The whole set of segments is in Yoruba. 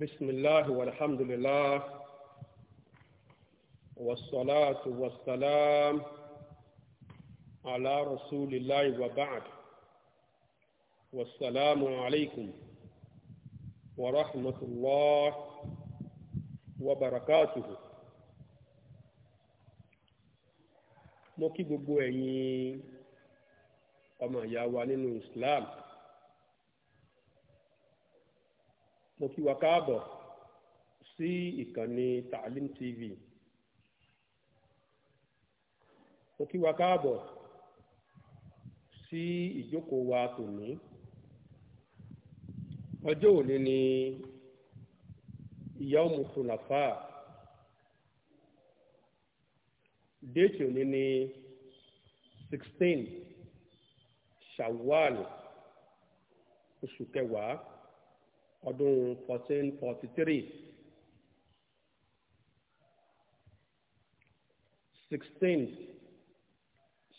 بسم الله والحمد لله والصلاة والسلام على رسول الله وبعد والسلام عليكم ورحمة الله وبركاته mo kí gbogbo ẹ̀yin ọmọ ìyá wa mo kí wa káàbọ̀ sí ìkànnì Taalim TV mo kí wa káàbọ̀ sí ìjókòó wa tòní ọjọ́ òní ni yawmu khulafa déètì òní ni sixteen Shawwal oṣù kẹwàá ọdún fourteen forty three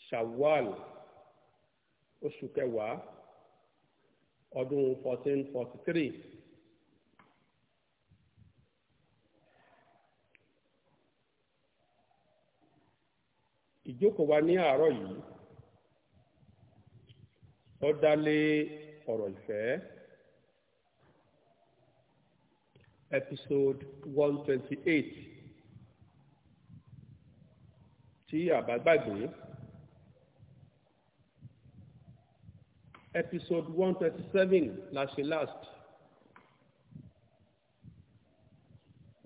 shawwal oṣù kẹwàá ọdún fourteen forty ìjókòó wa ní àárọ̀ yìí ó dá ọ̀rọ̀ ìfẹ́. episode one twenty eight tí àbá gbàgbé episode one twenty seven la ṣe last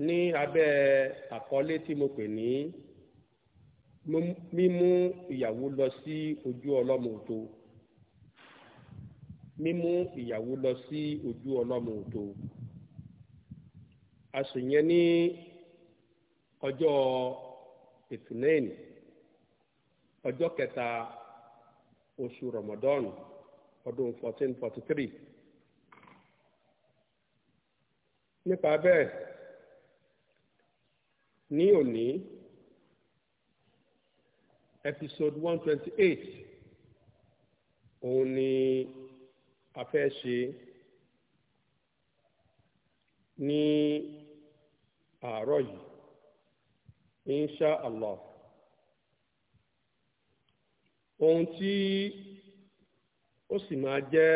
ní abẹ́ àkọlé tí mo pè ní mímú ìyàwó lọ sí ojú ọlọ́mọ òtó mímú ìyàwó lọ sí ojú ọlọ́mọ a sì yẹn ní ọjọ́ ìtìlẹ́yìn ọjọ́ kẹta oṣù Ramadan ọdún 1443 nípa bẹ́ẹ̀ ní òní episode 128 òun ni a fẹ́ ṣe. ní àárọ̀ yìí insha allah ohun tí ó sì máa jẹ́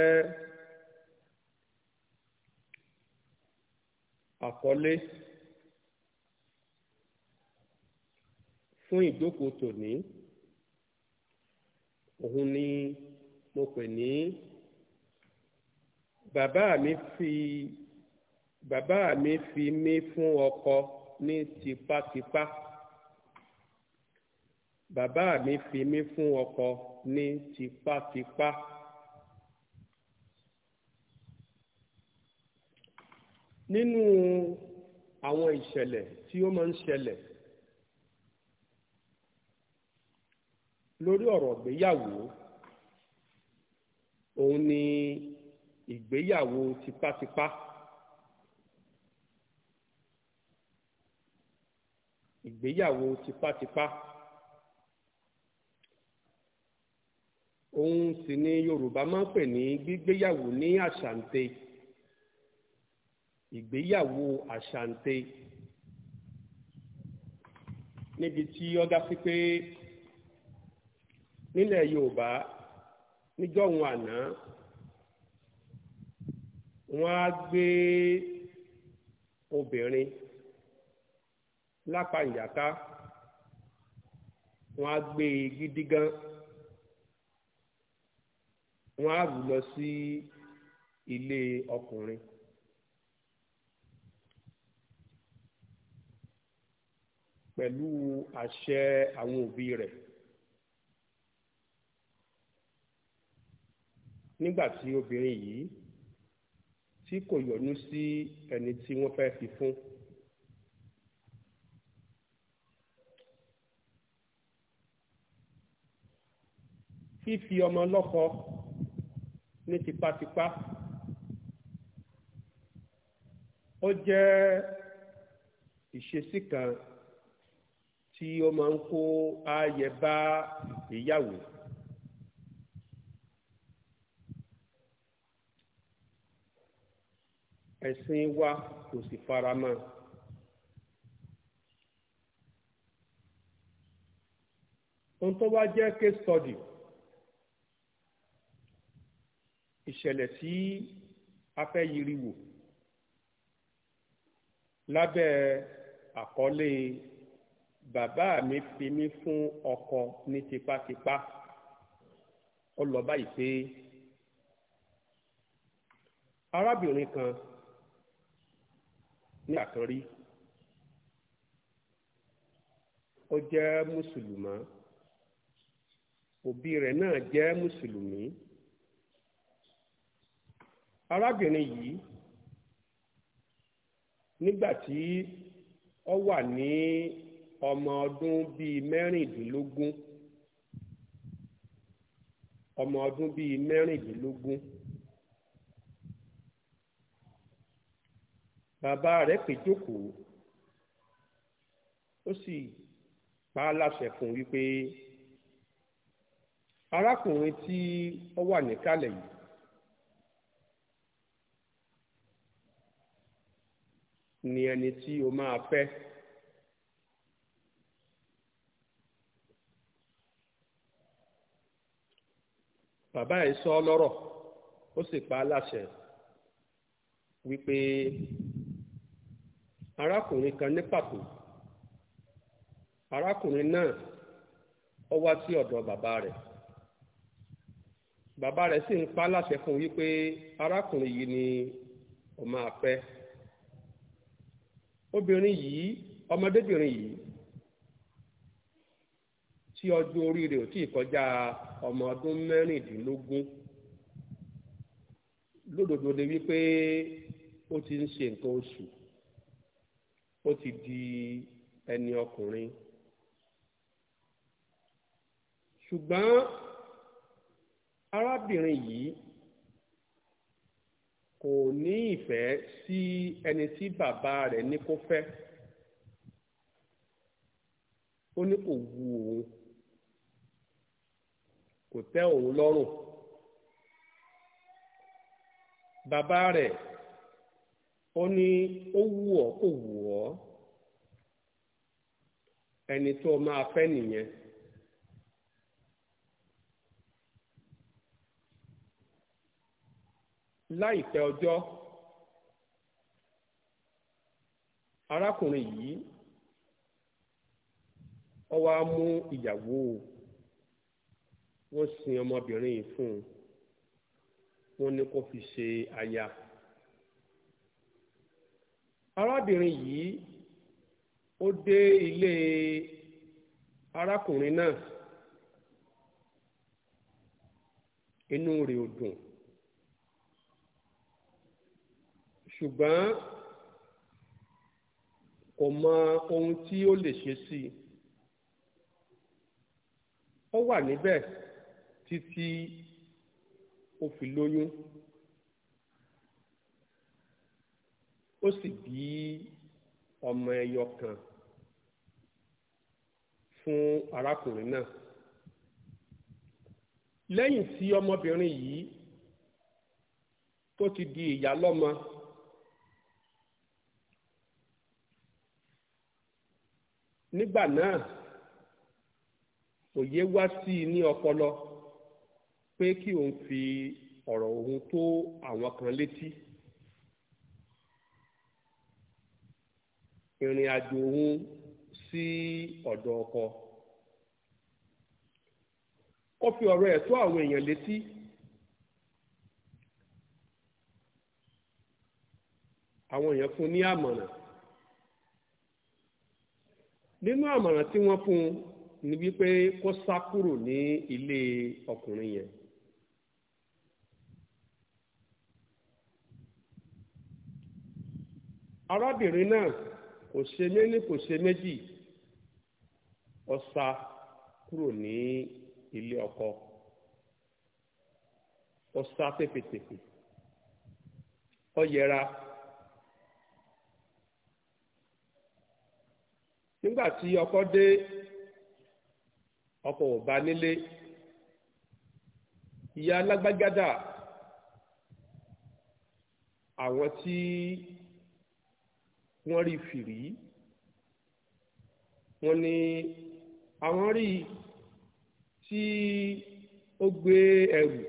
àkọlé fún ìjókòó tòní òun ni mo pè ní bàbá mi fi. bàbá mi fi mí fún ọkọ ní tipátipá bàbá mi fi mí fún ọkọ ní tipátipá. nínú àwọn ìṣẹ̀lẹ̀ tí ó máa ń ṣẹlẹ̀ lórí ọ̀rọ̀ ìgbéyàwó òun ni ìgbéyàwó tipátipá. Tipa. ìgbéyàwó tipátipá òun sì ni Yorùbá máa ń pè ní gbígbéyàwó ní àṣàǹtẹ ìgbéyàwó àṣàǹtẹ níbi tí ó dá sí pé nílẹ̀ Yorùbá níjọ́hun àná wọ́n á gbé obìnrin lápá ìyàká wọ́n á gbé e gidi gan wọ́n á rù lọ sí ilé ọkùnrin. pẹ̀lú àṣẹ àwọn òbí rẹ̀. nígbà tí obìnrin yìí tí kò yọ̀nú sí ẹni tí wọ́n fẹ́ fi fún. fífi ọmọ lọ́kọ ní tipátipá ó jẹ́ ìṣesí kan tí ó máa ń kó ààyè bá ìgbéyàwó. ẹ̀sìn wa kò sì fara mọ́ ọ. ohun tó wá jẹ́ case study ìṣẹ̀lẹ̀ tí a fẹ́ yiri wò lábẹ́ àkọlé bàbá mi fi mí fún ọkọ ní tipátipá ó lọ báyìí pé arábìnrin kan ní àkànrí ó jẹ́ mùsùlùmá òbí rẹ̀ náà jẹ́ mùsùlùmí arábìnrin yìí nígbà tí ó wà ní ọmọ ọdún bíi mẹ́rìndínlógún ọmọ ọdún bíi mẹ́rìndínlógún bàbá rẹ̀ pè jókòó ó sì pa á láṣẹ fún wípé arákùnrin tí ó wà níkàlẹ̀ yìí ni ẹni tí o máa fẹ́. bàbá yìí sọ lọ́rọ̀ ó sì pa á láṣẹ wípé arákùnrin kan ní pàtó arákùnrin náà ó wá sí ọ̀dọ̀ bàbá rẹ̀ bàbá rẹ̀ sì ń pa á láṣẹ fún wípé arákùnrin yìí ni ó máa obìnrin yìí ọmọdébìnrin yìí tí ọjọ́ orí rẹ̀ ò tí ì kọjá ọmọ ọdún mẹ́rìndínlógún lódodo ni wípé ó ti ń ṣe nǹkan oṣù ó ti di ẹni ọkùnrin ṣùgbọ́n arábìnrin yìí kò ní ìfẹ́ sí ẹni tí bàbá rẹ̀ ní kó fẹ́ ó ní kò wu òun kò tẹ́ òun lọ́rùn bàbá rẹ̀ ó ní ó wù ọ́ kò wù ọ́ ẹni tó máa fẹ́ nìyẹn. láìpẹ́ ọjọ́ arákùnrin yìí ó wá mú ìyàwó wọ́n sin ọmọbìnrin yìí fún un wọ́n ní kó fi ṣe aya arábìnrin yìí ó dé ilé arákùnrin náà inú rẹ̀ ò dùn ṣùgbọ́n kò mọ ohun tí ó lè ṣe sí i ó wà níbẹ̀ títí ó fi lóyún ó sì bí ọmọ ẹyọ kan fún arákùnrin náà lẹ́yìn tí ọmọbìnrin yìí tó ti di ìyá lọ́mọ. nígbà náà òye wá sí i ní ọpọlọ pé kí òun fi ọ̀rọ̀ òun tó àwọn kan létí ìrìn àjò òun sí ọ̀dọ̀ ọkọ ó fi ọ̀rọ̀ ẹ̀ tó àwọn èèyàn létí àwọn èèyàn fún ní àmọ̀ràn nínú àmọ̀ràn tí wọn fún un ni wípé kó sá kúrò ní ilé ọkùnrin yẹn. arábìnrin náà kò ṣe méní kò ṣe méjì ó kúrò ní ilé ọkọ ó sá tẹ̀pẹ̀tẹ̀pẹ̀ yẹra. nígbà tí ọkọ dé ọkọ ò bá nílé ìyá alágbágádà àwọn tí wọ́n rí fìrí wọ́n ní àwọn rí tí ó gbé ẹrù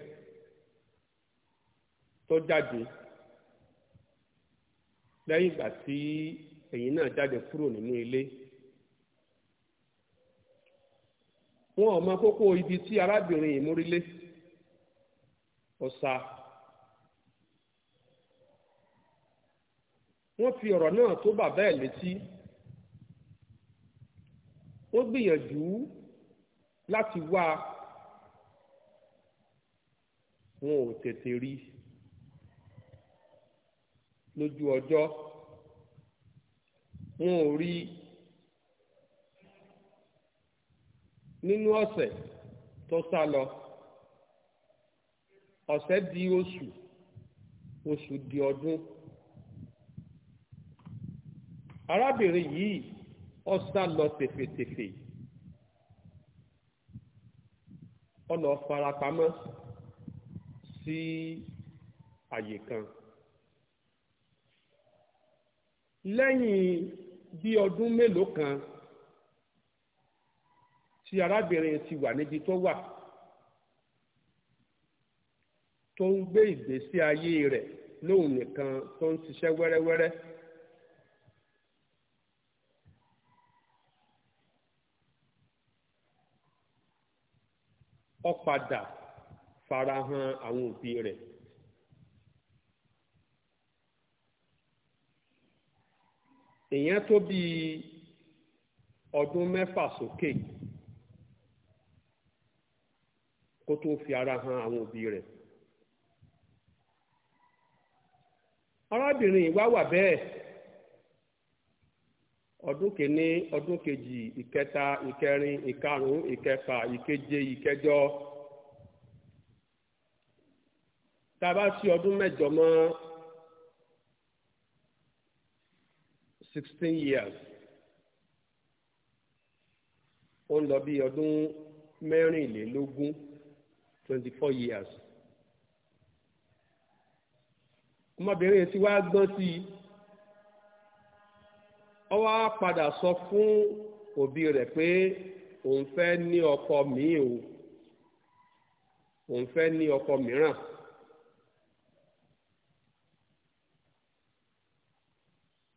tó jáde lẹ́yìn ìgbà tí ẹ̀yin náà jáde kúrò nínú ilé. wọn ò mọ kókó ibi tí arábìnrin yìí múrílé ọ̀sà wọ́n fi ọ̀rọ̀ náà tó bàbá ẹ̀ létí wọ́n gbìyànjú láti wá wọn ò tètè rí lójú ọjọ́ wọn ò rí nínú ọ̀sẹ̀ tó sá lọ ọ̀sẹ̀ di oṣù oṣù di ọdún arábìnrin yìí ó sá lọ tèfètèfè ó farapamọ́ sí àyè kan lẹ́yìn bí ọdún mélòó kan tí arábìnrin ti wà níbi tó wà tó ń gbé ìgbésí ayé rẹ̀ lóun nìkan tó ń ṣiṣẹ́ wẹ́rẹ́wẹ́rẹ́. ó farahàn àwọn òbí rẹ̀. èèyàn tó bíi ọdún mẹ́fà sókè. So kó tó fi ara hàn àwọn òbí rẹ̀ arábìnrin ìwá wà bẹ́ẹ̀ ọdún kìíní ọdún kejì ìkẹta ìkẹrin ìkarùn ìkẹfà ìkeje ìkẹjọ tá a bá sí ọdún mẹ́jọ mọ́ sixteen years ó ń lọ bí ọdún mẹ́rìnlélógún twenty four years ọmọbìnrin yẹn ti wá gbọ́n sí i ó wá padà sọ fún òbí rẹ̀ pé òun fẹ́ ní ọkọ míì òun fẹ́ ní ọkọ mìíràn.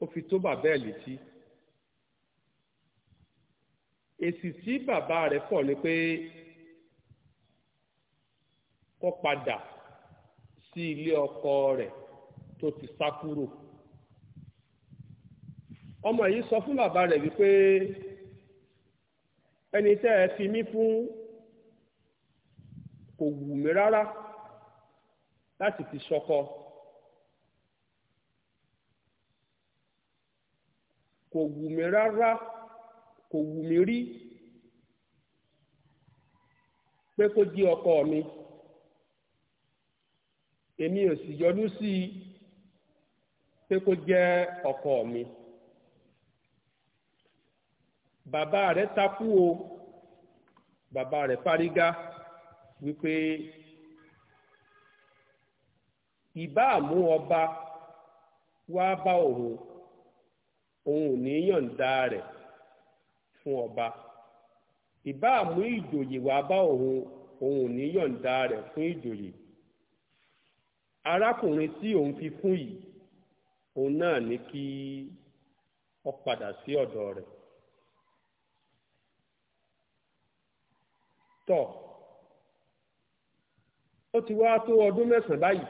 ó fi tó bàbá ẹ̀ létí èsì tí bàbá rẹ̀ fọ̀ ni pé kó padà sí ilé ọkọ rẹ̀ tó ti sá kúrò ọmọ yìí sọ fún bàbá rẹ̀ wípé ẹni tẹ́ ẹ fi mí fún kò wù mí rárá láti fi ṣọkọ kò wù mí rárá kò wù mí rí pé kó di ọkọ mi èmi ò sì yọdún sí i pé kó jẹ́ ọkọ mi bàbá rẹ̀ takú o bàbá rẹ̀ fárígá wípé ìbá àmú ọba wá bá òun òun ò ní yọ̀ǹda rẹ̀ fún ọba ìbá ìjòyè wá bá òun òun ní yọ̀ǹda rẹ̀ fún ìjòyè arákùnrin tí òun fi kún yìí òun náà ní kí ó padà sí ọ̀dọ̀ rẹ̀ tọ́ ó ti wá tó ọdún mẹ́sàn-án báyìí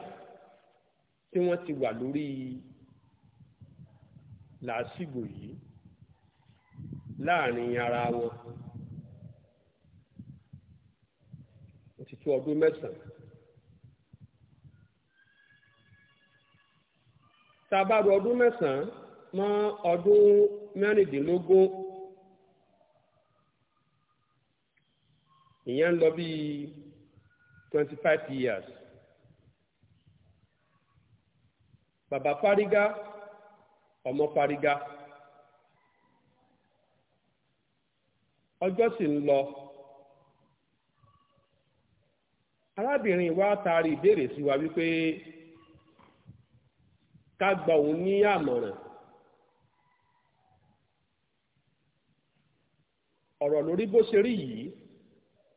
tí wọ́n ti wà lórí làásìgbò yìí láàrin ara wọn ó ti tó ọdún mẹ́sàn-án. tá a bá ro ọdún mẹ́sàn-án mọ́ ọdún mẹ́rìndínlógún ìyẹn ń lọ bíi twenty five years. bàbá fárígá ọmọ fárígá ọjọ́ sì ń lọ arábìnrin wa taari ìbéèrè sí wa wípé ká gba òun ní àmọ̀ràn ọ̀rọ̀ lórí bó ṣe rí yìí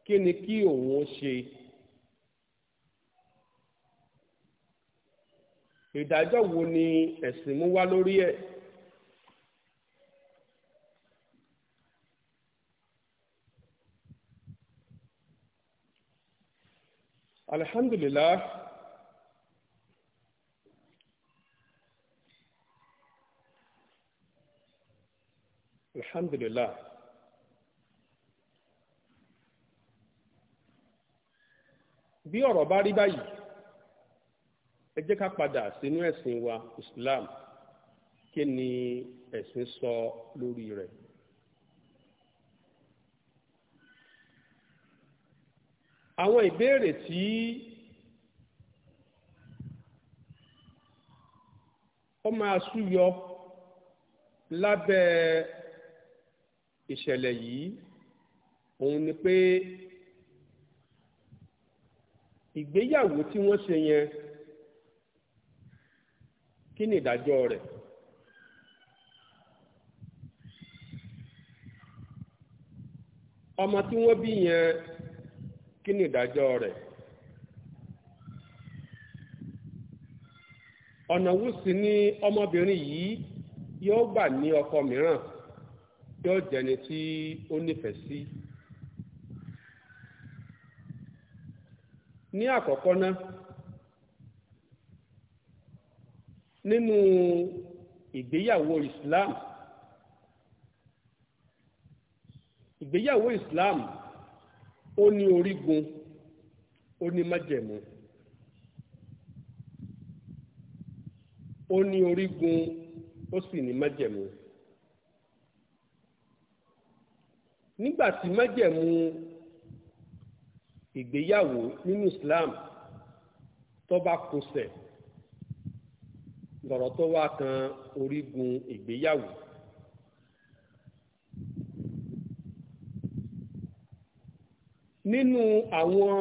kí ni kí òun ṣe ìdájọ́ wo ni ẹ̀sìn mú wá lórí ẹ̀ alhamdulillah alhamdulillah bí ọ̀rọ̀ bá rí báyìí ẹ jẹ́ ká padà sínú ẹ̀sìn wa islam kí ni ẹ̀sìn sọ lórí rẹ̀. àwọn ìbéèrè tí ó máa súyọ lábẹ́ ìṣẹ̀lẹ̀ yìí òun ni pé ìgbéyàwó tí wọ́n ṣe yẹn kí ni ìdájọ́ rẹ̀ ọmọ tí wọ́n bí yẹn kí ni ìdájọ́ rẹ̀ ọ̀nà yi ni ọmọbìnrin yìí yóò gbà ní ọkọ mìíràn. yóò jẹni tí ó nífẹ̀ẹ́ sí. ní àkọ́kọ́ ná nínú ìgbéyàwó Islam ìgbéyàwó Islam ó ní orígun ó ní májẹ̀mú ó ní orígun ó sì ní májẹ̀mú. nígbà tí májẹ̀mú ìgbéyàwó nínú Islam tó bá kọsẹ̀ lọ̀rọ̀ tó wá kan orígun ìgbéyàwó. nínú àwọn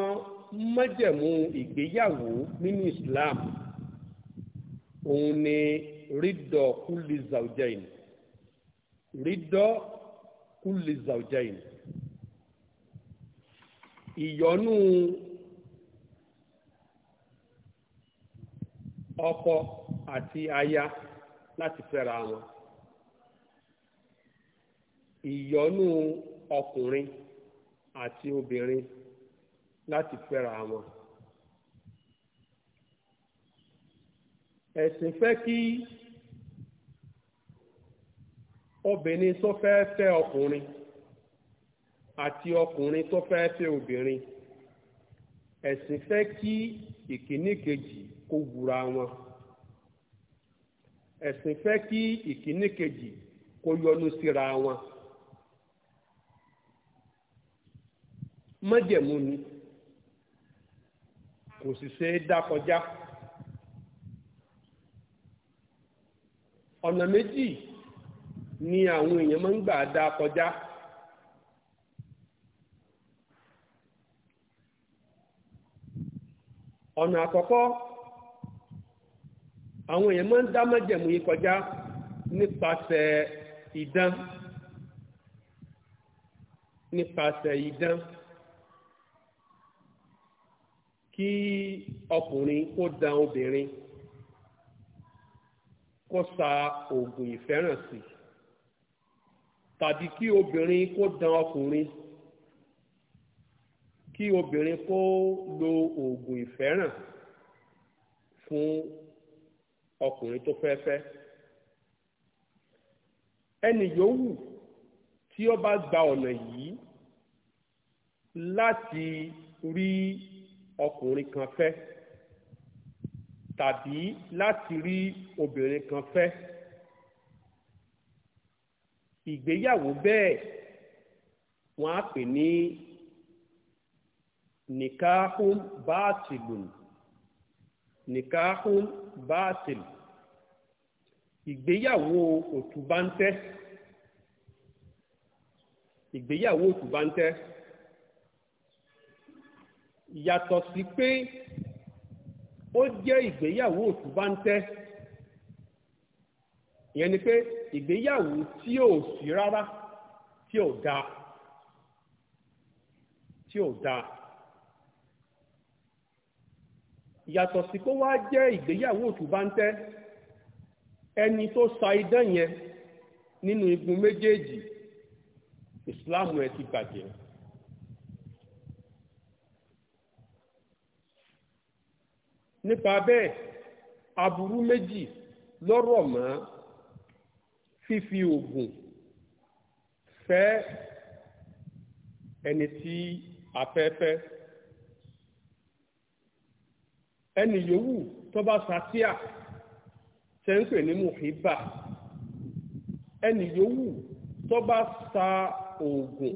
májẹ̀mú ìgbéyàwó nínú Islam òun ni rídọ̀ kúlì zàwùjẹ́yìn rídọ̀ kúlì zàwùjẹyìn ìyọnú ọkọ àti aya láti fẹ́ra wọn ìyọnú ọkùnrin àti obìnrin láti fẹ́ra wọn. ẹ̀sìn fẹ́ kí obìnrin tó fẹ́ fẹ́ ọkùnrin àti ọkùnrin tó fẹ́ fẹ́ obìnrin ẹ̀sìn fẹ́ kí ìkíní kejì kó wura wọn ẹ̀sìn fẹ́ kí ìkíní kejì kó yọnu síra wọn májẹ̀mú ni kò sì ṣe é dá kọjá ọ̀nà méjì. ni àwọn èèyàn máa ń gbà dá kọjá. ọ̀nà àkọ́kọ́ àwọn èèyàn máa ń dá májẹ̀mú yìí kọjá nípasẹ̀ ìdán, nípasẹ̀ idán kí ọkùnrin kó dán obìnrin kó sa oògùn ìfẹ́ràn sí i. tàbí kí obìnrin kó dán ọkùnrin kí obìnrin kó lo oògùn ìfẹ́ràn fún ọkùnrin tó fẹ́ fẹ́ ẹni yòówù tí ó bá gba ọ̀nà yìí láti rí ọkùnrin kan fẹ́ tàbí láti rí obìnrin kan fẹ́ ìgbéyàwó bẹ́ẹ̀ wọ́n á pè ní nikahun baatilun nikahun baatil ìgbéyàwó òtúbáńtẹ́ ìgbéyàwó òtúbáńtẹ́ yàtọ̀ sí pé ó jẹ́ ìgbéyàwó òtúbáńtẹ́ ìyẹn ni pé ìgbéyàwó tí ò sí rárá tí ò dáa tí ò dáa yàtọ̀ sí kó wá jẹ́ ìgbéyàwó òtún bá ń tẹ́ ẹni tó sa idán yẹn nínú igun méjèèjì ìsìláàmù ẹ ti bàjẹ́ nípa bẹ́ẹ̀ aburú méjì lọ́rọ̀ mọ́ fífi oògùn fẹ́ ẹni tí afẹ́fẹ́ ẹni yòówù tó bá satíà ṣe ń pè ní muhiba ẹni yòówù tó bá sa oògùn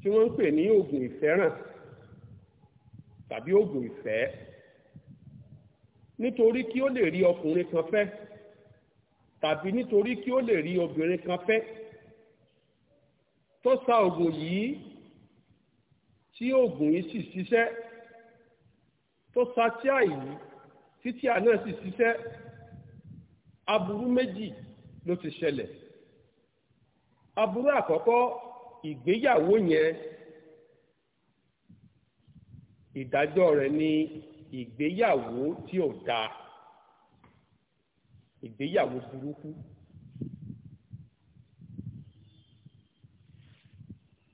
tí wọ́n ń pè ní oògùn ìfẹ́ràn tàbí oògùn ìfẹ́ nítorí kí ó lè rí ọkùnrin kan fẹ́ tàbí nítorí kí ó lè rí obìnrin kan fẹ́ tó sa oògùn yìí tí oògùn yìí sì ṣiṣẹ́ tó sa tíà yìí tí tíà náà sì ṣiṣẹ́ aburú méjì ló ti ṣẹlẹ̀ aburú àkọ́kọ́ ìgbéyàwó yẹn ìdájọ́ rẹ̀ ni ìgbéyàwó tí ò dáa ìgbéyàwó burúkú.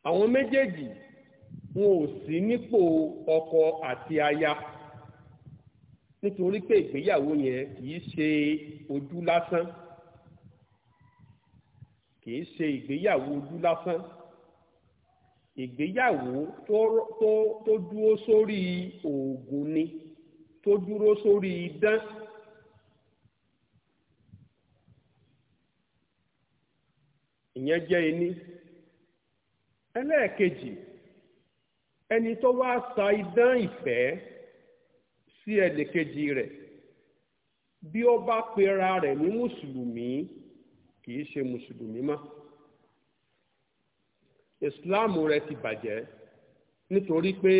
àwọn méjèèjì wọn ò sí nípò ọkọ àti aya nítorí pé ìgbéyàwó yẹn kìí ṣe ojú lásán kìí ṣe ìgbéyàwó ojú lásán ìgbéyàwó tó tó tó dúró sórí oògùn ni tó dúró sórí idán. ìyẹn jẹ́ ení ẹlẹ́ẹ̀kejì ẹni tó wá sa idán ìfẹ́ sí ẹnìkejì rẹ̀ bí ó bá pera rẹ̀ ní mùsùlùmí kì í ṣe mùsùlùmí mọ́ ìsìláàmù rẹ̀ ti bàjẹ́ nítorí pé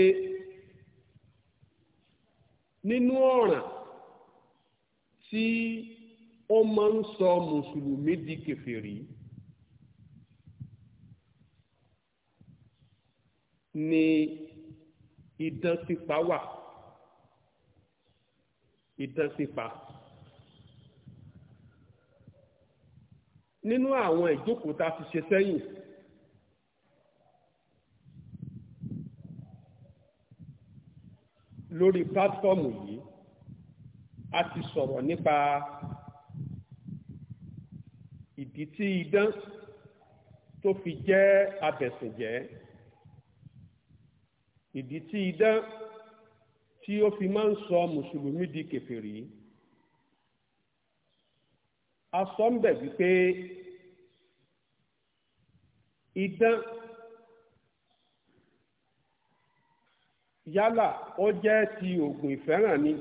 nínú ọ̀ràn tí ó máa ń sọ mùsùlùmí di kèfèrí. ni idán pípa wà idán pípa. nínú àwọn ìjókòó tá a ti ṣe sẹ́yìn lórí pátfọ́ọ̀mù yìí a ti sọ̀rọ̀ nípa ìdí tí idán tó fi jẹ́ abẹ̀sìnjẹ́ ìdí tí idán tí ó fi máa ń sọ mùsùlùmí di kèfèrí a sọ ń bẹ̀ wípé idán yálà ó jẹ́ ti oògùn ìfẹ́ràn ni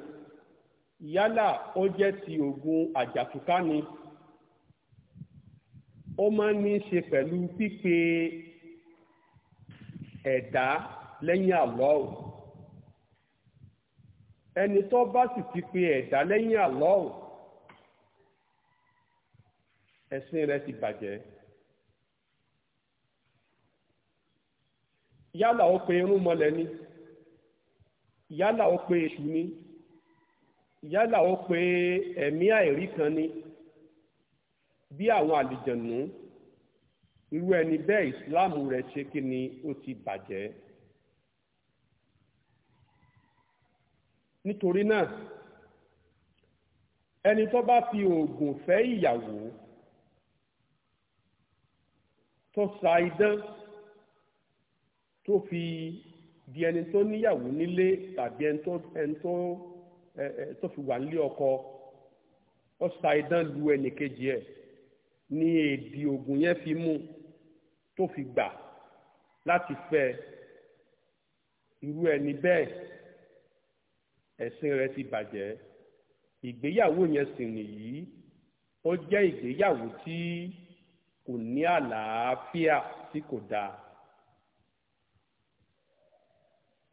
yálà ó jẹ́ ti oògùn àjàtúká ni ó máa ń ní í ṣe pẹ̀lú pípe ẹ̀dá. E lẹ́yìn Allah ẹni tó bá sì ti pe ẹ̀dá lẹ́yìn Allah ẹ̀sìn rẹ̀ ti bàjẹ́ yálà ó pe irun mọ́lẹ̀ ni yálà ó pe èṣù ni yálà ó pe ẹ̀mí àìrí kan ni bí àwọn àlìjànú irú ẹni bẹ́ẹ̀ ìsìláàmù rẹ̀ ṣe kí ni ó ti bàjẹ́. nítorí náà ẹni tó bá fi oògùn fẹ́ ìyàwó tó sa idán tó fi di ẹni tó níyàwó nílé tàbí ẹni tó ẹni tó tó fi wà nílé ọkọ ó sa idán lu ẹnìkejì ẹ̀ ní èdè oògùn yẹn fi mú tó fi gbà láti fẹ́ irú ẹni bẹ́ẹ̀ ẹ̀sìn rẹ ti bàjẹ́ ìgbéyàwó yẹn sì nìyí ó jẹ́ ìgbéyàwó tí kò ní àlàáfíà tí kò dáa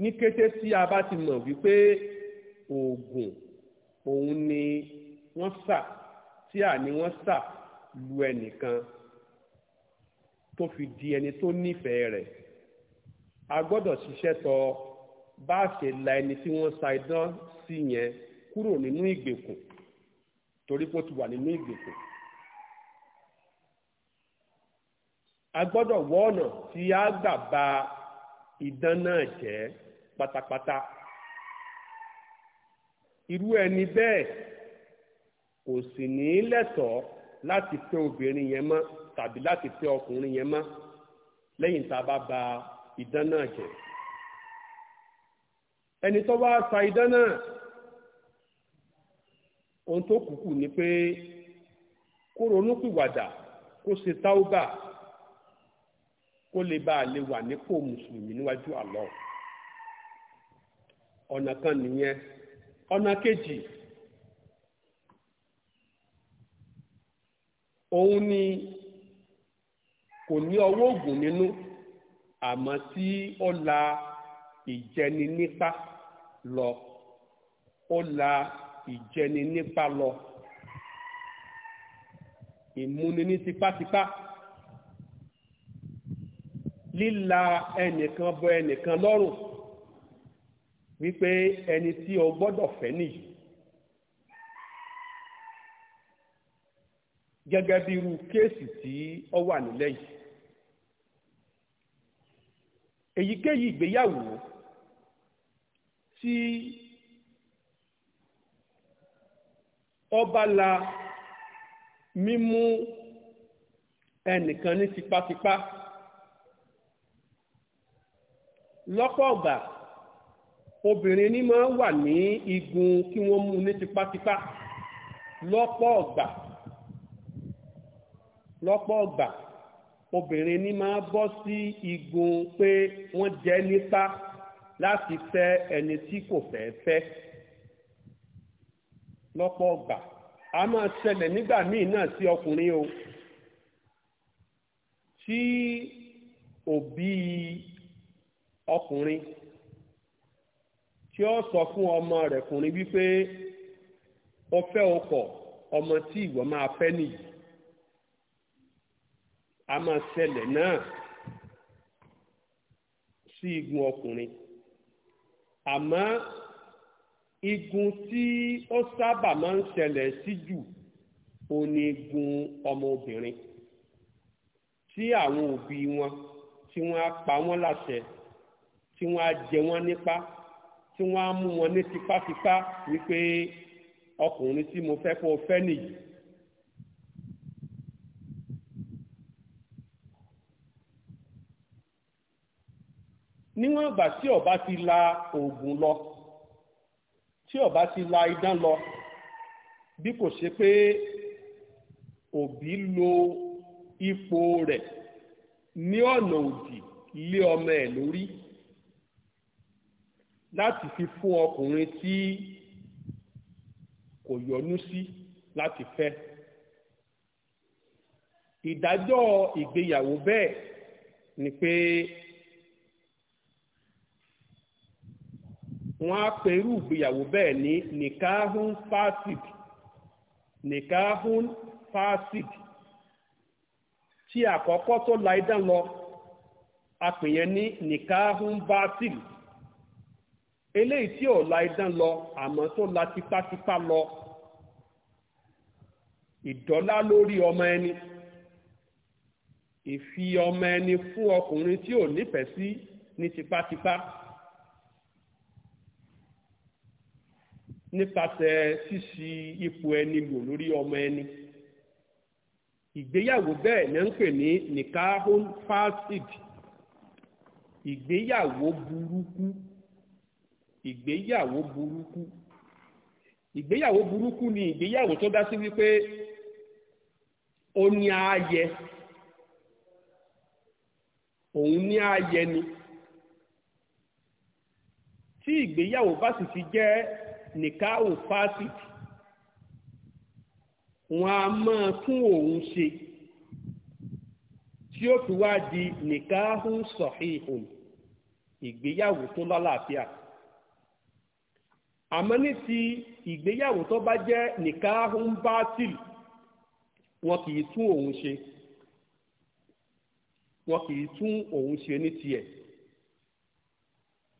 ní kété tí a bá ti mọ̀ wípé oògùn òun ni wọ́n sà tí à ní wọ́n sà lu ẹnìkan tó fi di ẹni tó nífẹ̀ẹ́ rẹ̀ a gbọ́dọ̀ ṣiṣẹ́ tọ́ ọ bá ṣe la ẹni tí wọ́n sa idán sí yẹn kúrò nínú ìgbèkùn torí pé ó ti wà nínú ìgbèkùn. a gbọ́dọ̀ wọ ọ̀nà tí a gbà ba idán náà jẹ́ pátápátá. irú ẹni bẹ́ẹ̀ kò sì ní lẹ́tọ̀ọ́ láti fẹ́ obìnrin yẹn mọ́ tàbí láti fẹ́ ọkùnrin yẹn mọ́ lẹ́yìn tá a bá ba idán náà jẹ́. ẹni tó bá sa idán náà ohun tó kúkú ni pé kó ronúpìwàdà kó ṣe táúbà kó lè bá a lè wà nípò mùsùlùmí níwájú àlọ ọ̀nà kan nìyẹn ọ̀nà kejì òun ni kò ní ọwọ́ ògùn nínú àmọ́ tí ó la ìjẹni nípa. lọ ó la ìjẹni nípa lọ ìmúni ní tipátipá líla ẹnìkan bọ ẹnìkan lọ́rùn wípé ẹni tí o gbọ́dọ̀ fẹ́ nìyí gẹ́gẹ́ bí irú kéèsì tí ó wà nílẹ̀ yìí èyíkéyìí ìgbéyàwó tí ọba la mímú ẹnìkan ní tipátipá lọ́pọ̀ ọ̀gbà obìnrin ní máa wà ní igun kí wọ́n mú ní tipátipá lọ́pọ̀ ọ̀gbà lọ́pọ̀ ọ̀gbà obìnrin ní máa bọ́ sí igun pé wọ́n jẹ́ nípa láti fẹ́ ẹni tí kò fẹ́ fẹ́ lọ́pọ̀ ọgbà a máa ṣẹlẹ̀ nígbà míì náà sí ọkùnrin o tí òbí ọkùnrin tí ó sọ fún ọmọ rẹ̀ kùnrin wípé ó fẹ́ ọkọ̀ ọmọ tí ìwọ máa fẹ́ nìyí a máa ṣẹlẹ̀ náà sí igun ọkùnrin àmọ́ igun tí ó sábà máa ń ṣẹlẹ̀ sí jù ò ní igun ọmọbìnrin tí àwọn òbí wọn tí wọ́n á pa wọ́n láṣẹ tí wọ́n á jẹ wọ́n nípa tí wọ́n á mú wọn ní tipátipá wípé ọkùnrin tí mo fẹ́ kó o fẹ́ nìyí níwọ̀n ìgbà tí ó bá ti la oògùn lọ tí ó bá ti la idán lọ bí kò ṣe pé òbí lo ipò rẹ̀ ní ọ̀nà òdì lé ọmọ ẹ̀ lórí láti fi fún ọkùnrin tí kò yọnú sí láti fẹ́ ìdájọ́ ìgbéyàwó bẹ́ẹ̀ ni pé wọ́n á pe irú ìgbéyàwó bẹ́ẹ̀ ní nikahun fasik nikahun fasik tí àkọ́kọ́ tó la idán lọ a pè yẹn ní nikahun batil eléyìí tí ò la idán lọ àmọ́ tó la tipátipá lọ ìdọ́lá lórí ọmọ ẹni ìfi ọmọ ẹni fún ọkùnrin tí ò nífẹ̀ẹ́ sí ní tipátipá. Tipa. nípasẹ̀ ṣíṣí ipò ẹni lò lórí ọmọ ẹni ìgbéyàwó bẹ́ẹ̀ ni ń pè ní nikahun fasid ìgbéyàwó burúkú ìgbéyàwó burúkú ìgbéyàwó burúkú ni ìgbéyàwó tó dá sí wípé ó ní ààyè òun ní ààyè ni tí ìgbéyàwó bá sì ti jẹ́ nìkáwò fásitì wọn a máa tún òun ṣe tí ó fi wá di nìkáhù sọ̀híhùn ìgbéyàwó tó lálàáfíà àmọ́ ní ti ìgbéyàwó tó bá jẹ́ nìkáhù bátìlì wọn kì í tún òun ṣe wọn kì í tún òun ṣe ní tiẹ̀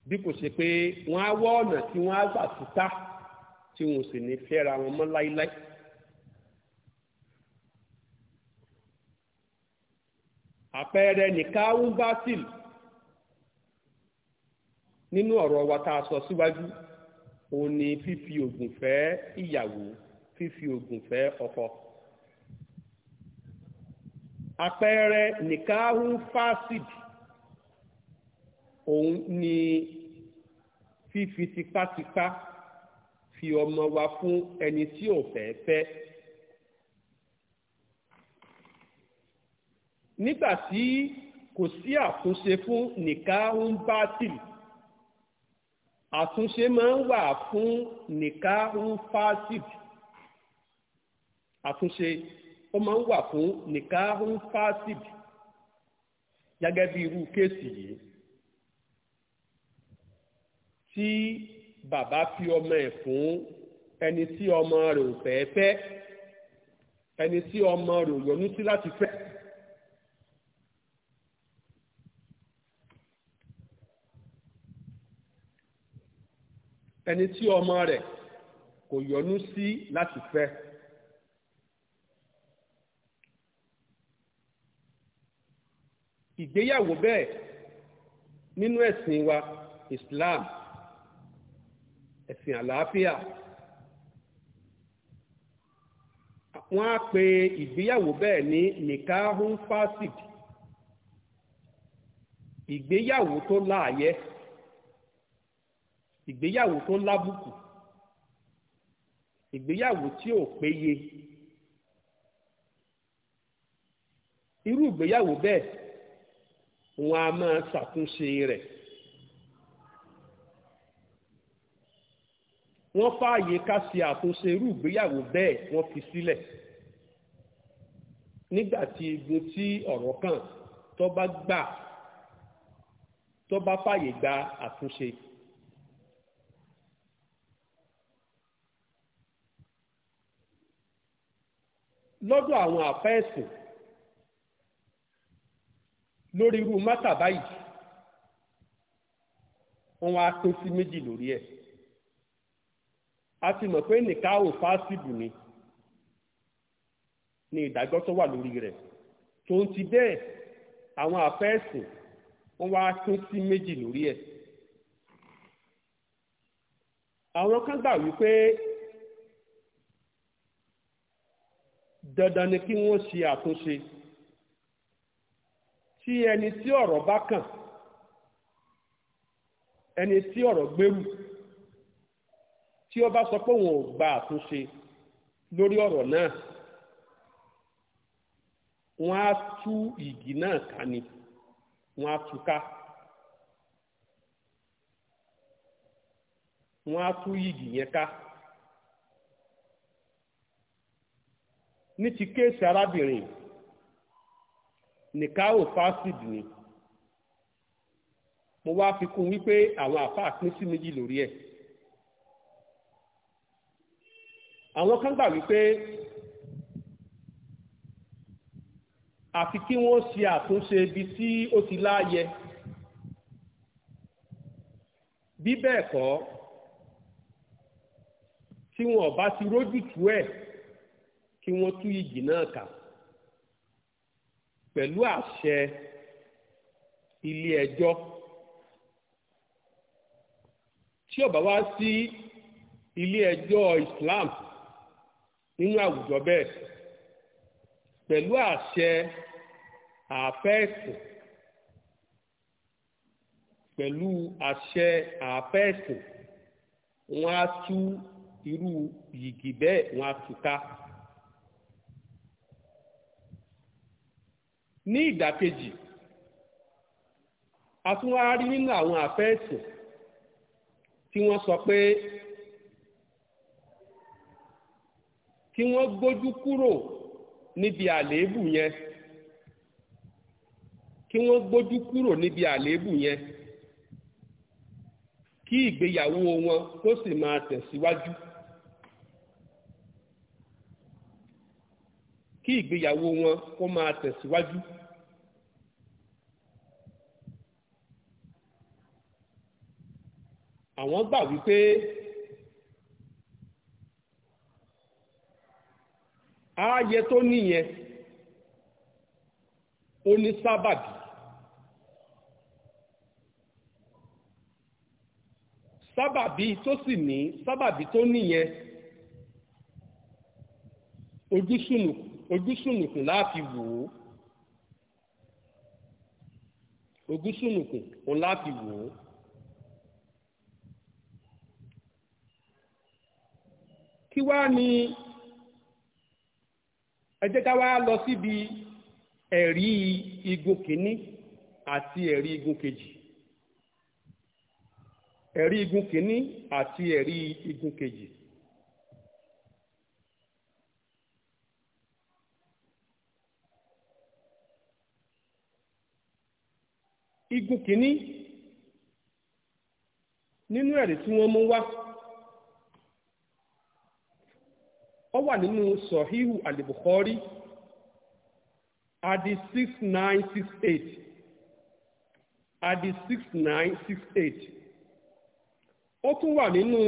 bí kò ṣe pé wọ́n á wọ́ ọ̀nà tí wọ́n á gbà túká tí wọn ò sì ní fẹ́ra wọn mọ́ láíláí. àpẹẹrẹ nìkáhùn bátìl nínú ọ̀rọ̀ wa tá a sọ síwájú òun ni fífi ògùn fẹ́ ìyàwó fífi ògùn fẹ́ ọkọ. àpẹẹrẹ nìkáhùn fásìdì òun ni fífi tipátipá fi ọmọ wa fún ẹni tí ò fẹ́ fẹ́. nígbà tí kò sí àtúnṣe fún nìkáhùn bátìlì àtúnṣe máa ń wà fún nìkáhùn fásitì àtúnṣe ó máa ń wà fún nìkáhùn fásitì gẹ́gẹ́ bí irú kéèsì yìí tí bàbá fi ọmọ ẹ̀ fún ẹni tí ọmọ rẹ̀ ò fẹ́ fẹ́ ẹni tí ọmọ rẹ̀ ò yọ̀nú sí láti fẹ́. ẹni tí ọmọ rẹ̀ kò yọ̀nú sí láti fẹ́. ìgbéyàwó bẹ́ẹ̀ nínú ẹ̀sìn wa Islam ẹ̀sìn àlàáfíà wọ́n á pe ìgbéyàwó bẹ́ẹ̀ ní nikahun fasid ìgbéyàwó tó láàyè ìgbéyàwó tó lábùkù ìgbéyàwó tí ò péye irú ìgbéyàwó bẹ́ẹ̀ wọ́n á máa ṣàtúnṣe rẹ̀. wọ́n fààyè ká ṣe àtúnṣe irú ìgbéyàwó bẹ́ẹ̀ wọ́n fi sílẹ̀ nígbà tí egbò tí ọ̀rọ̀ kàn tó bá gbà tó bá fààyè gba àtúnṣe. lọ́dọ̀ àwọn àfẹ́ẹ̀sìn lórí irú mátà báyìí wọ́n wá pín sí méjì lórí ẹ̀ a ti mọ̀ pé nìkáwò fásitì ni ni ìdájọ́ tó wà lórí rẹ̀ tó ń ti bẹ́ẹ̀ àwọn àfẹ́ẹ̀sìn wọ́n wá pín sí méjì lórí ẹ̀ àwọn kan gbà wípé dandan ni kí wọ́n ṣe àtúnṣe tí ẹni tí ọ̀rọ̀ bá kàn ẹni tí ọ̀rọ̀ gbẹ́rù tí ó bá sọ pé òun ò gba àtúnṣe lórí ọ̀rọ̀ náà wọ́n á tú ìgì náà ká ni wọ́n á tú ká wọ́n á tú ìgì yẹn ká. ní ti kéèsì arábìnrin nìkáwò fásid ni mo wá fi kún wípé àwọn àfáà pín méjì lórí ẹ̀. àwọn kan gbà wípé àfi kí wọ́n ṣe àtúnṣe ibi tí ó ti láàyè bí bẹ́ẹ̀ kọ́ tí wọ́n bá ti rójútù ẹ̀ kí wọ́n tú igi náà kà pẹ̀lú àṣẹ ilé ẹjọ́ tí ó wá sí ilé ẹjọ́ Islam nínú àwùjọ bẹ́ẹ̀ pẹ̀lú àṣẹ àfẹ́ẹ̀sì pẹ̀lú àṣẹ àfẹ́ẹ̀sì wọ́n á tú irú yìgì bẹ́ẹ̀ wọ́n á tú ká. ní ìdàkejì a tún wá rí nínú àwọn àfẹ́ẹ̀sì tí wọ́n sọ pé kí wọ́n gbójú kúrò níbi àléébù yẹn kí wọ́n gbójú kúrò níbi àléébù yẹn kí ìgbéyàwó wọn kó sì máa tẹ̀síwájú. kí ìgbéyàwó wọn kó máa tẹ̀síwájú. àwọn gbà wípé. ààyè tó níyẹn ó ní sábàbí sábàbí tó sì ní sábàbí tó níyẹn ojúsùnùkùn láti wò ó ogúsùnùkùn òun láti wò ó. kí wá ni ẹ jẹ́ ká wá lọ síbi ẹ̀rí igun kìíní àti ẹ̀rí igun kejì ẹ̀rí igun kìíní àti ẹ̀rí igun kejì. igun kìíní nínú ẹ̀rí tí wọ́n mú wá ó wà nínú sọ̀híhù àlìbùkọ́rí adi six nine six eight adi six nine six eight ó tún wà nínú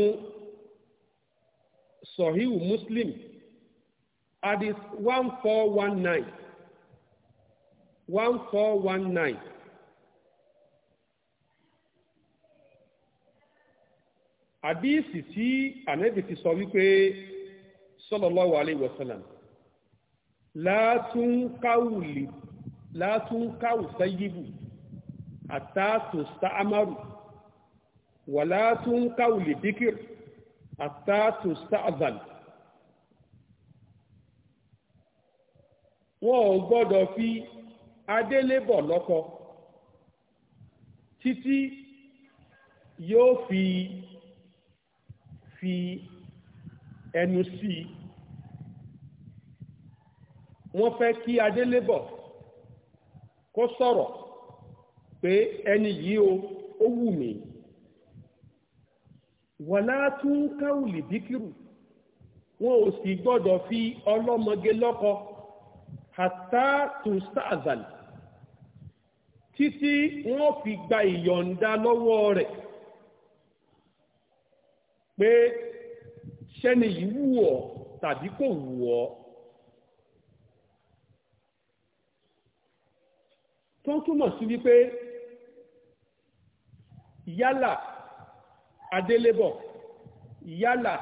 sọ̀híhù muslim adi one four one nine one four one nine. àdíìsì tí ànẹ́bì ti sọ wípé sallallahu alayhi wa sallam látún káwù sáyíbù àtàtù sàámàrù wà látún káwù lè díkìr àtàtù sàázàlì wọn ò gbọ́dọ̀ fi adélébọ̀ lọ́kọ títí yóò fi fi ẹnu sí i wọ́n fẹ́ kí adélébọ̀ kó sọ̀rọ̀ pé ẹni yìí o ó wù mí wàlá tún káwùlì díkìrù wọn ò sì gbọ́dọ̀ fi ọlọ́mọge lọ́kọ hàtà tún sáàzàlì títí wọ́n fi gba ìyọ̀ǹda lọ́wọ́ rẹ̀ pé ṣẹ́ni yìí wù ọ́ tàbí kò wù ọ́ tó ń túmọ̀ sí wípé yálà adélébọ̀ yálà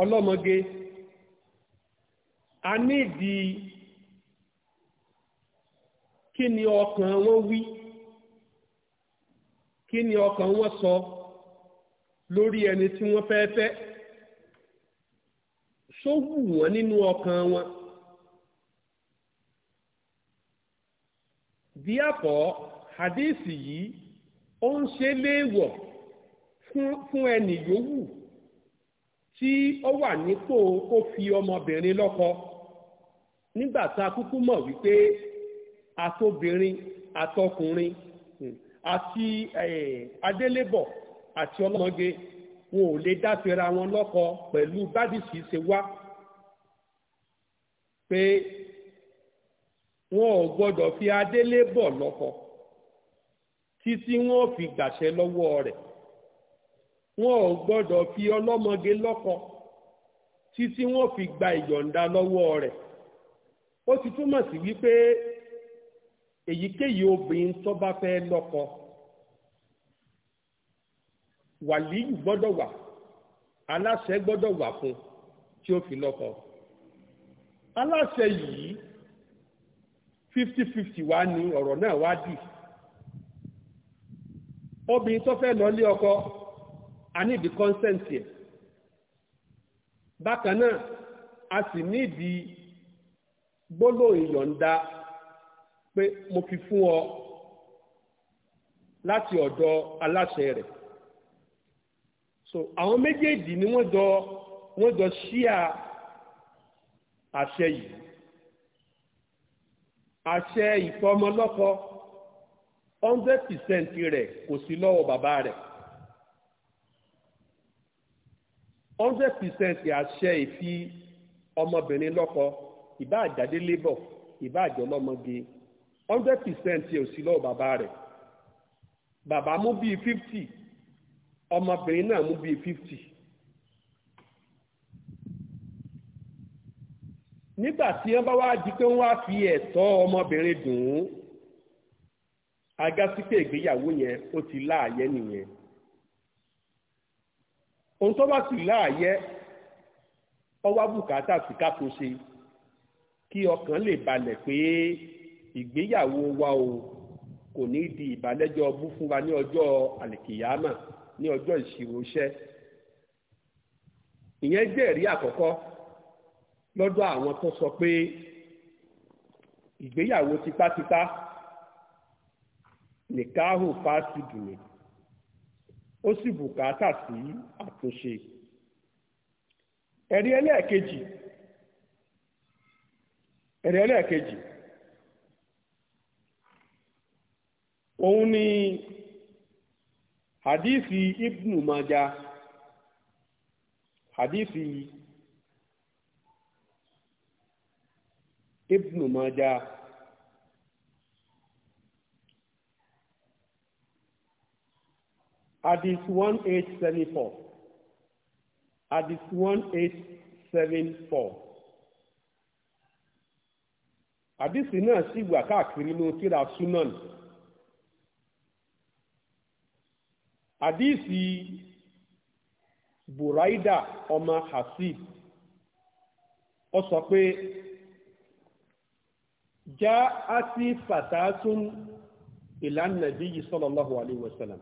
ọlọ́mọge a ní ìdí kí ni ọkàn wọn wí kí ni ọkàn wọn sọ lórí ẹni tí wọ́n fẹ́. Fẹ́ ṣó wù wọ́n nínú ọkàn wọn. díàpọ̀ hadisi yìí ó ń ṣe léèwọ̀ fún ẹnì yòówù tí ó wà nípò kó fi ọmọbìnrin lọ́kọ nígbà tá a kúkú mọ̀ wípé àtobìnrin àtọkùnrin àti adélébọ̀ àti ọlọ́mọge wọn ò lè dáfẹ́ra wọn lọ́kọ pẹ̀lú bádìsí ṣe wá pé wọn ò gbọ́dọ̀ fi adélé bọ̀ lọ́kọ títí wọn ò fi gbàṣẹ lọ́wọ́ rẹ̀ wọn ò gbọ́dọ̀ fi ọlọ́mọge lọ́kọ títí wọn ò fi gba ìyọ̀ǹda lọ́wọ́ rẹ̀ ó ti túmọ̀ sí wípé èyíkéyìí obìnrin tó bá fẹ́ lọ́kọ. wàlíyù gbọ́dọ̀ wà aláṣẹ gbọ́dọ̀ wà fún tí fi aláṣẹ yìí fifty fifty wá ní ọ̀rọ̀ náà wá dì obìnrin tó fẹ́ lọ lé ọkọ a ní ìdí consent bákan náà a sì ní ìdí gbólóhùn ìyọ̀ǹda pé mo fi fún ọ láti ọ̀dọ̀ aláṣẹ so àwọn méjèèjì ni wọ́n jọ wọ́n jọ ṣíà àṣẹ yìí àṣẹ ìfọmọlọ́kọ hundred percent rẹ̀ kò sí lọ́wọ́ bàbá rẹ̀ hundred percent àṣẹ ìfi ọmọbìnrin lọ́kọ ìbá àjáde labour ìbá àjọ lọ́mọge hundred percent ò sí lọ́wọ́ bàbá rẹ̀ bàbá mú bíi fifty ọmọbìnrin náà mú bíi fifty nígbà tí wọn bá wá di pé wọn á fi ẹtọ ọmọbìnrin dùn ún agásíkè ìgbéyàwó yẹn ó ti láàyè nìyẹn ohun tó bá sì láàyè ọwọ́ bùkátà sí kápò ṣe kí ọkàn lè balẹ̀ pé ìgbéyàwó wa o kò ní di ìbálẹ́jọ ọbú fún wa ní ọjọ́ àlìkìyámà. ní ọjọ́ ìṣirò iṣẹ́ ìyẹn jẹ́ ẹ̀rí àkọ́kọ́ lọ́dọ̀ àwọn tó sọ pé ìgbéyàwó tipátipá nìkáhù fásitì ni ó sì bùkátà sí àtúnṣe ẹ̀rí ẹlẹ́ẹ̀kejì ẹ̀rí ẹlẹ́ẹ̀kejì òun ni hadithi ibnu maja hadithi ibnu maja hadith one eight seven four hadith one eight seven four hadithi náà sì wà káàkiri ní tíra sunan. àdíìsì buraida ọmọ hasib ó sọ pé já àti fàtàtún ìlànà bí yìí sallallahu alaihi wasallam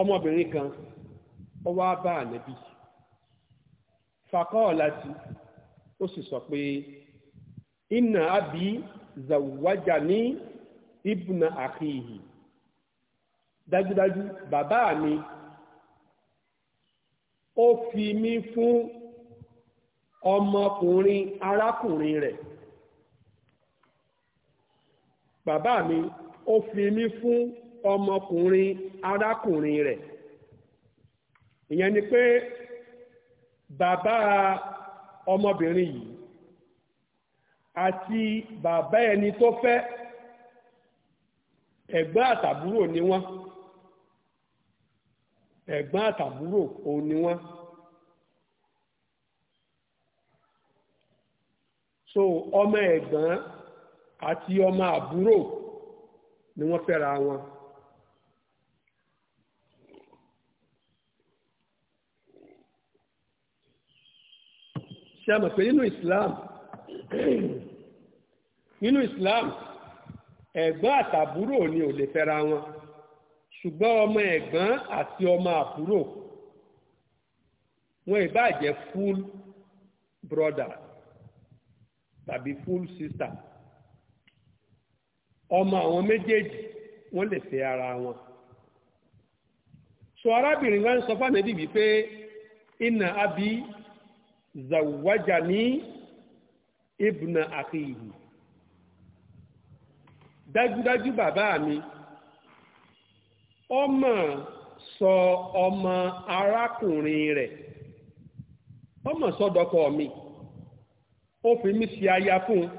ọmọbìnrin kan ó wá bá ànẹ́bí fakọ́ láti ó sì sọ pé inna abi zawwajani ibna akhihi dájúdájú bàbá mi ó fi mí fún ọmọkùnrin arákùnrin rẹ̀ bàbá mi ó fi mí fún ọmọkùnrin arákùnrin rẹ̀ ìyẹn ni pé bàbá ọmọbìnrin yìí àti bàbá ẹni tó fẹ́ ẹ̀gbọ́n àtàbúrò ni wọ́n ẹ̀gbọ́n àtàbúrò òun ni wọ́n. so ọmọ ẹ̀gbọ́n àti ọmọ àbúrò ni wọ́n fẹ́ra wọn. ṣe mọ̀ pé nínú Islam nínú Islam ẹ̀gbọ́n àtàbúrò ni ò lè fẹ́ra wọn ṣùgbọ́n ọmọ ẹ̀gbọ́n àti ọmọ àbúrò wọn ìbá jẹ́ full brother tàbí full sister ọmọ àwọn méjèèjì wọ́n lè fẹ́ ara wọn so arábìnrin wa ń sọ fáwọn ẹbí wípé inna abi zawwajani ibna akhihi dájúdájú bàbá mi. Dájú, ọmọ sọ ọmọ arákùnrin rẹ̀ ọmọ sọdọkọ mi ó fi mí ṣe aya fún un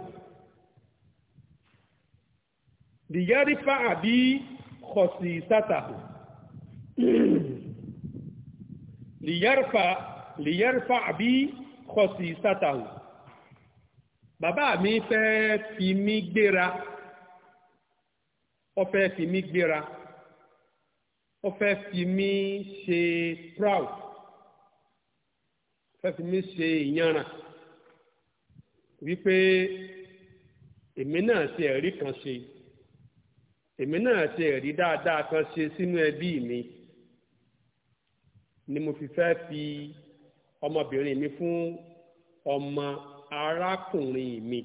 dìyẹ́rífà àbí kọ̀sì sátàkù lìyẹ́rífà lìyẹ́rífà àbí kọ̀sì sátàkù bàbá mi fẹ́ fi mí gbéra ó fẹ́ fi mí gbéra ó fẹ́ fi mí ṣe proud fẹ́ fi mí ṣe ìyanra wípé èmi náà ṣe ẹ̀rí kan ṣe èmi náà ṣe ẹ̀rí dáadáa kan ṣe sínú ẹbí mi ni mo fi fẹ́ fi ọmọbìnrin mi fún ọmọ arákùnrin mi.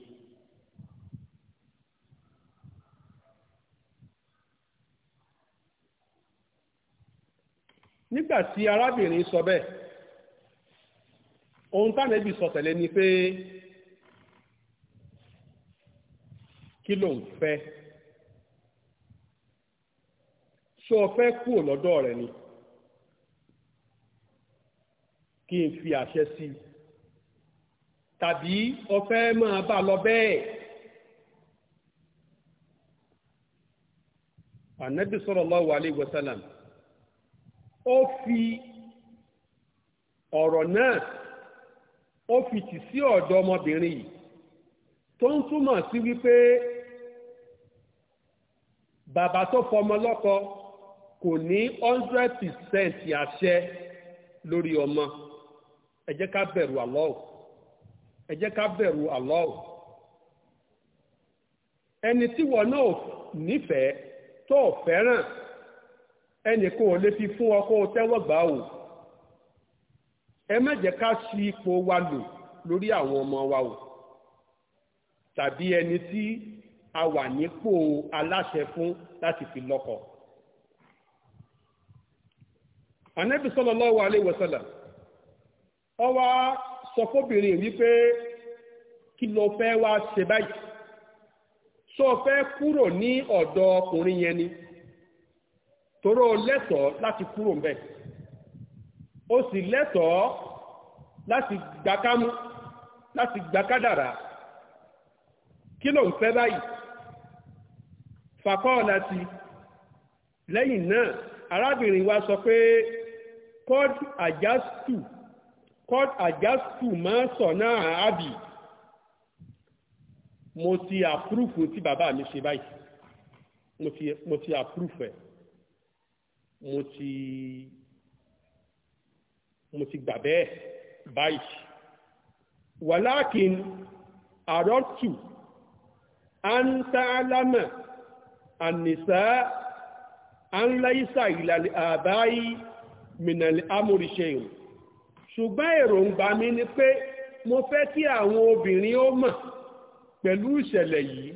nígbà tí arábìnrin sọ bẹ́ẹ̀ ohun tánẹ́bì sọ tẹ̀lé ni pé kí ló ń fẹ́ ṣó o fẹ́ kúrò lọ́dọ̀ rẹ̀ ni kí n fi àṣẹ sí i tàbí o fẹ́ máa bá lọ bẹ́ẹ̀. ànábì sallallahu alaihi wasallam ó fi ọ̀rọ̀ náà ó fi tì sí ọ̀dọ̀ ọmọbìnrin yìí tó ń túmọ̀ sí wípé bàbá tó fọmọ lọ́kọ kò ní hundred percent àṣẹ lórí ọmọ ẹ jẹ́ ká bẹ̀rù Allah ẹ jẹ́ ká bẹ̀rù Allah ẹni tí wọn náà nífẹ̀ẹ́ tó fẹ́ràn ẹnìkan ò lè fi fún ọkọ tẹ́wọ́ gbà o ẹ má jẹ́ ká ṣi ipò wa lò lórí àwọn ọmọ wa o tàbí ẹni tí a wà nípò aláṣẹ fún láti fi lọ́kọ. Ànábì sallallahu alaihi wasallam ó wá sọ fóbìnrin wípé kí ló fẹ́ wá ṣe báyìí sọ fẹ́ kúrò ní ọ̀dọ̀ ọkùnrin yẹn ni toró lẹ́tọ̀ọ́ láti kúrò ń bẹ̀ ó sì lẹ́tọ̀ọ́ láti gbàkámú láti gbàkádàrà kí ló ń fẹ́ báyìí fàkọ́ láti lẹ́yìn náà arábìnrin wa sọ pé cord adjastu cord adjastu máa sọ náà àbí mo ti àpúrùfù tí bàbá mi ṣe báyìí mo ti àpúrùfù ẹ̀ mo ti mo ti gbà bẹ́ẹ̀ báyìí wàlákin àrọ́tù antaalama anisa anlaisa ìlàlẹ̀ àbáyí mìnàlẹ̀ amúrìṣẹ́yìn ṣùgbọ́n èròǹgbà mi ni pé mo fẹ́ kí àwọn obìnrin ó mọ̀ pẹ̀lú ìṣẹ̀lẹ̀ yìí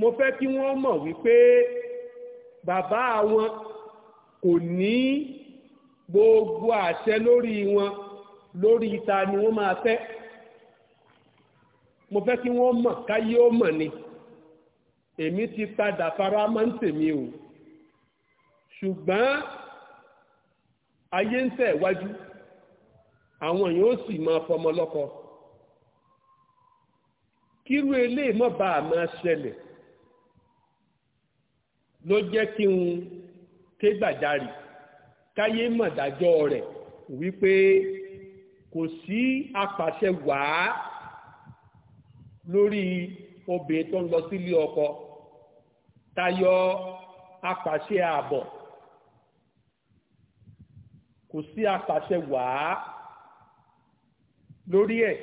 mo fẹ́ kí wọ́n mọ̀ wípé bàbá wọn kò ní gbogbo àṣẹ lórí wọn lórí ìta ni wọ́n máa fẹ́ mo fẹ́ kí wọ́n mọ̀ káyé ó mọ̀ ni èmi ti padà fara máa ń tèmi o ṣùgbọ́n ayé ń tẹ̀ wájú àwọn èèyàn ó sì máa fọmọ lọ́kọ kírú eléyìí mọ̀ bá a máa ṣẹlẹ̀ ló jẹ́ kí n ké gbàjarì káyé mọ̀dájọ́ rẹ̀ wípé kò sí apàṣẹ wàá lórí obìnrin tó ń lọ sílé ọkọ tayọ apàṣẹ ààbọ̀ kò sí apàṣẹ wàá lórí ẹ̀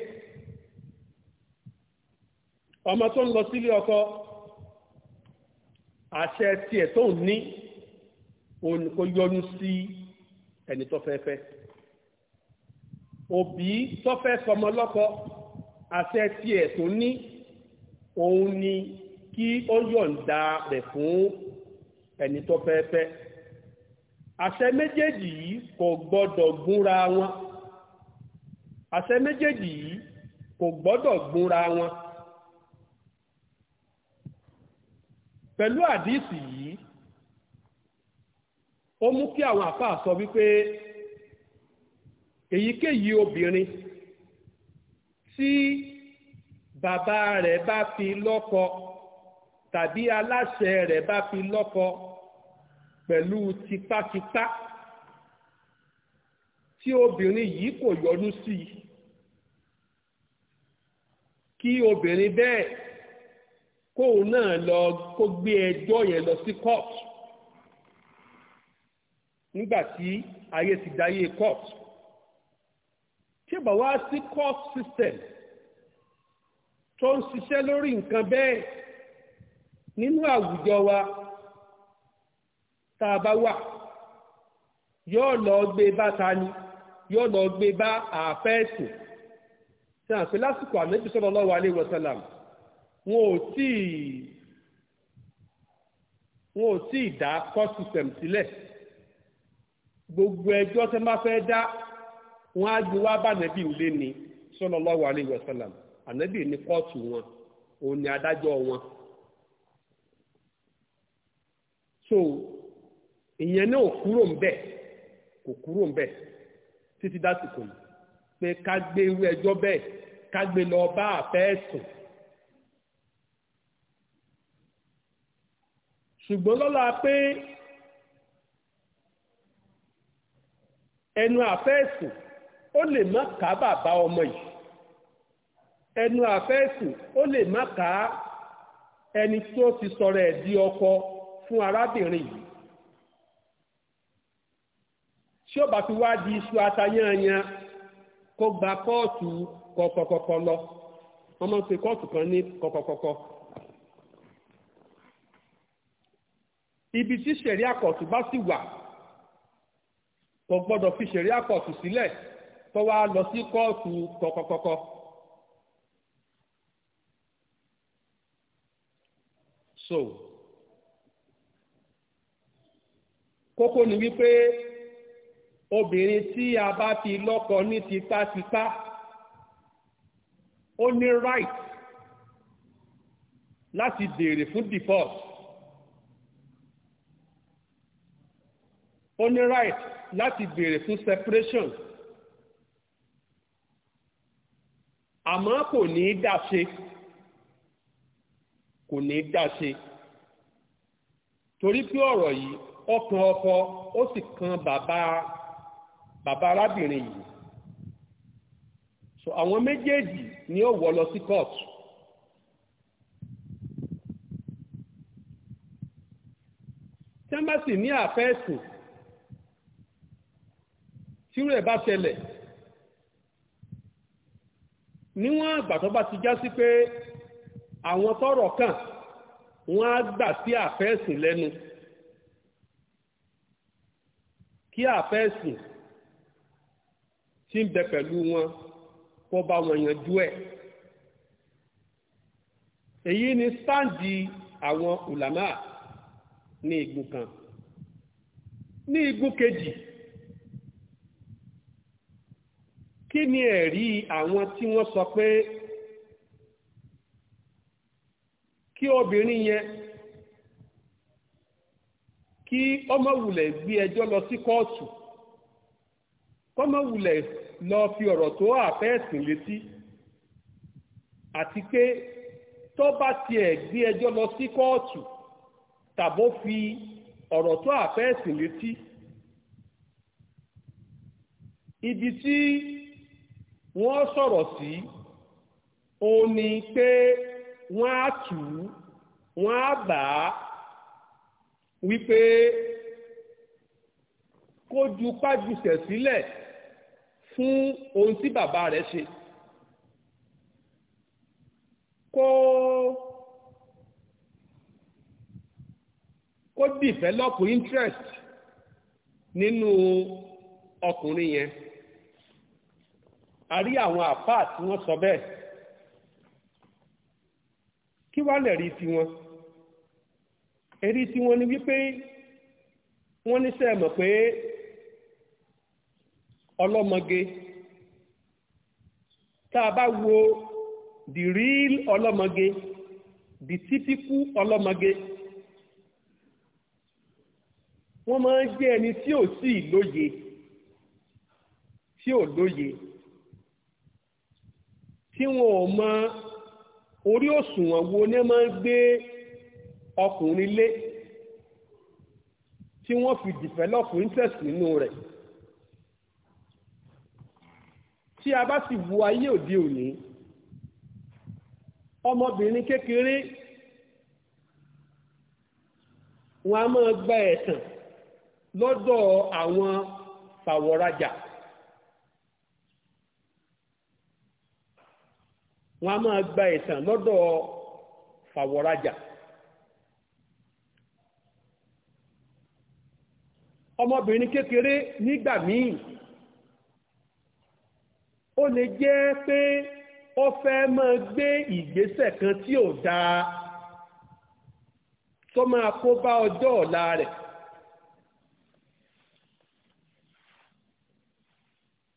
ọmọ tó ń lọ sílé ọkọ àṣẹ tiẹ̀ tó ń ní. òun ni kó yọnu sí ẹni tó fẹ́ fẹ́ òbí tó fẹ́ sọmọ lọ́kọ àṣẹ tiẹ̀ tó ní òun ni kí ó yọ̀ǹda rẹ̀ fún ẹni tó àṣẹ méjèèjì yìí kò gbọ́dọ̀ gúnra wọn àṣẹ méjèèjì yìí kò gbọ́dọ̀ gúnra wọn pẹ̀lú àdísì yìí ó mú kí àwọn àfáà sọ wípé èyíkéyìí obìnrin tí bàbá rẹ̀ bá fi lọ́kọ tàbí aláṣẹ rẹ̀ bá fi lọ́kọ pẹ̀lú tipátipá tí obìnrin yìí kò yọnú sí i kí obìnrin bẹ́ẹ̀ kóun náà lọ kó gbé ẹjọ́ yẹn lọ sí kóòtù nígbà tí ayé ti dáyé court tí ó bá wá sí court system tó ń ṣiṣẹ́ lórí nǹkan bẹ́ẹ̀ nínú àwùjọ wa tá a bá wà yóò lọ gbé bá ta ni yóò lọ gbé bá àfẹ́ẹ̀sì tí a pè lásìkò ànábì sallallahu alaihi wasallam wọn ò tí wọn ò tí dá court system sílẹ̀. Si gbogbo ẹjọ́ tẹ́ máa fẹ́ dá wọn á gbé wá bá ànábì ńlé ni sallallahu alaihi wasallam ànábì ní kóòtù wọn òun ni adájọ́ wọn. so ìyẹn náà kúrò ń bẹ̀ kò kúrò ń bẹ̀ títí dásìkò yìí pé ká gbé irú ẹjọ́ bẹ́ẹ̀ ká gbé lọ bá àfẹ́ ẹ̀sùn. ṣùgbọ́n lọ́la pé ẹnu àfẹ́ẹ̀sì ó lè má ká bàbá ọmọ yìí ẹnu àfẹ́ẹ̀sì ó lè má ká ẹni tí ó ti sọ̀rọ̀ ẹ̀ di ọkọ fún arábìnrin yìí tí ó bá fi wá di iṣu atayanyan kó gba kóòtù kọ̀kọ̀kọ̀kọ̀ lọ wọ́n máa kóòtù kan ní kọ̀kọ̀kọ̀kọ̀. ibi tí sẹ̀rí àkọ́tù bá sì wà kò gbọ́dọ̀ fi ṣẹ̀ríà kóòtù sílẹ̀ tó wá lọ sí kóòtù kọ̀kọ̀kọ̀kọ̀. so kókó ni wípé obìnrin tí a bá ti lọ́kọ ní tipátipá ó ní right láti béèrè fún divorce ó ní right láti béèrè fún separation àmọ́ kò ní í dáṣe kò ní í dáṣe torí pé ọ̀rọ̀ yìí ọkàn ọkọ ó sì kan bàbá bàbá arábìnrin yìí so àwọn méjèèjì ni ó wọ́ lọ sí kóòtù tẹ́ḿbàsì ní àfẹ́ ẹ̀sùn tírú ẹ̀ bá ṣẹlẹ̀ níwọ̀n àgbà tó bá ti já sí pé àwọn tọ́rọ̀ kàn wọ́n á gbà sí àfẹ́sìn lẹ́nu kí àfẹ́sìn tí ń bẹ pẹ̀lú wọn kó bá wọn yanjú ẹ̀ èyí ni sáǹdì àwọn ulama ní igun kan ní igun kejì. kí ni ẹ̀rí àwọn tí wọ́n sọ pé kí obìnrin yẹn kí ọmọwulẹ̀ gbé ẹjọ́ lọ sí kóòtù kọ́mọwulẹ̀ lọ fi ọ̀rọ̀ tó àfẹ́ẹ̀sìn létí àti pé tó bá tiẹ̀ gbé ẹjọ́ lọ sí kóòtù tàbó fi ọ̀rọ̀ tó àfẹ́ẹ̀sìn létí ibi tí wọ́n sọ̀rọ̀ sí ó ní pé wọ́n á tù ú wọ́n á bà á wípé kó ju pájùṣẹ̀ sílẹ̀ fún ohun tí bàbá rẹ̀ ṣe kó kó develop interest nínú ọkùnrin yẹn a rí àwọn àfáà tí wọ́n sọ bẹ́ẹ̀ kí wá lẹ̀rí tiwọn ẹ̀rí tiwọn ni wípé wọ́n ní sẹ́ẹ̀ mọ̀ pé ọlọ́mọge tá a bá wo the real ọlọ́mọge the typical ọlọ́mọge wọ́n máa ń jẹ́ ẹni tí ò sí ìlóye tí ò lóye tí wọn ò mọ orí òṣùwọ̀n wo ní máa ń gbé ọkùnrin lé tí wọ́n fi develop interest nínú rẹ̀ tí a bá sì wo ayé òde òní ọmọbìnrin kékeré wọn a máa gba ẹ̀tàn lọ́dọ̀ àwọn fàwọ̀rajà. wọn a máa gba ìtàn lọ́dọ̀ fàwọ̀rajà ọmọbìnrin kékeré nígbà míì ó lè jẹ́ pé ó fẹ́ máa gbé ìgbésẹ̀ kan tí ò dáa tó máa kó bá ọjọ́ ọ̀la rẹ̀.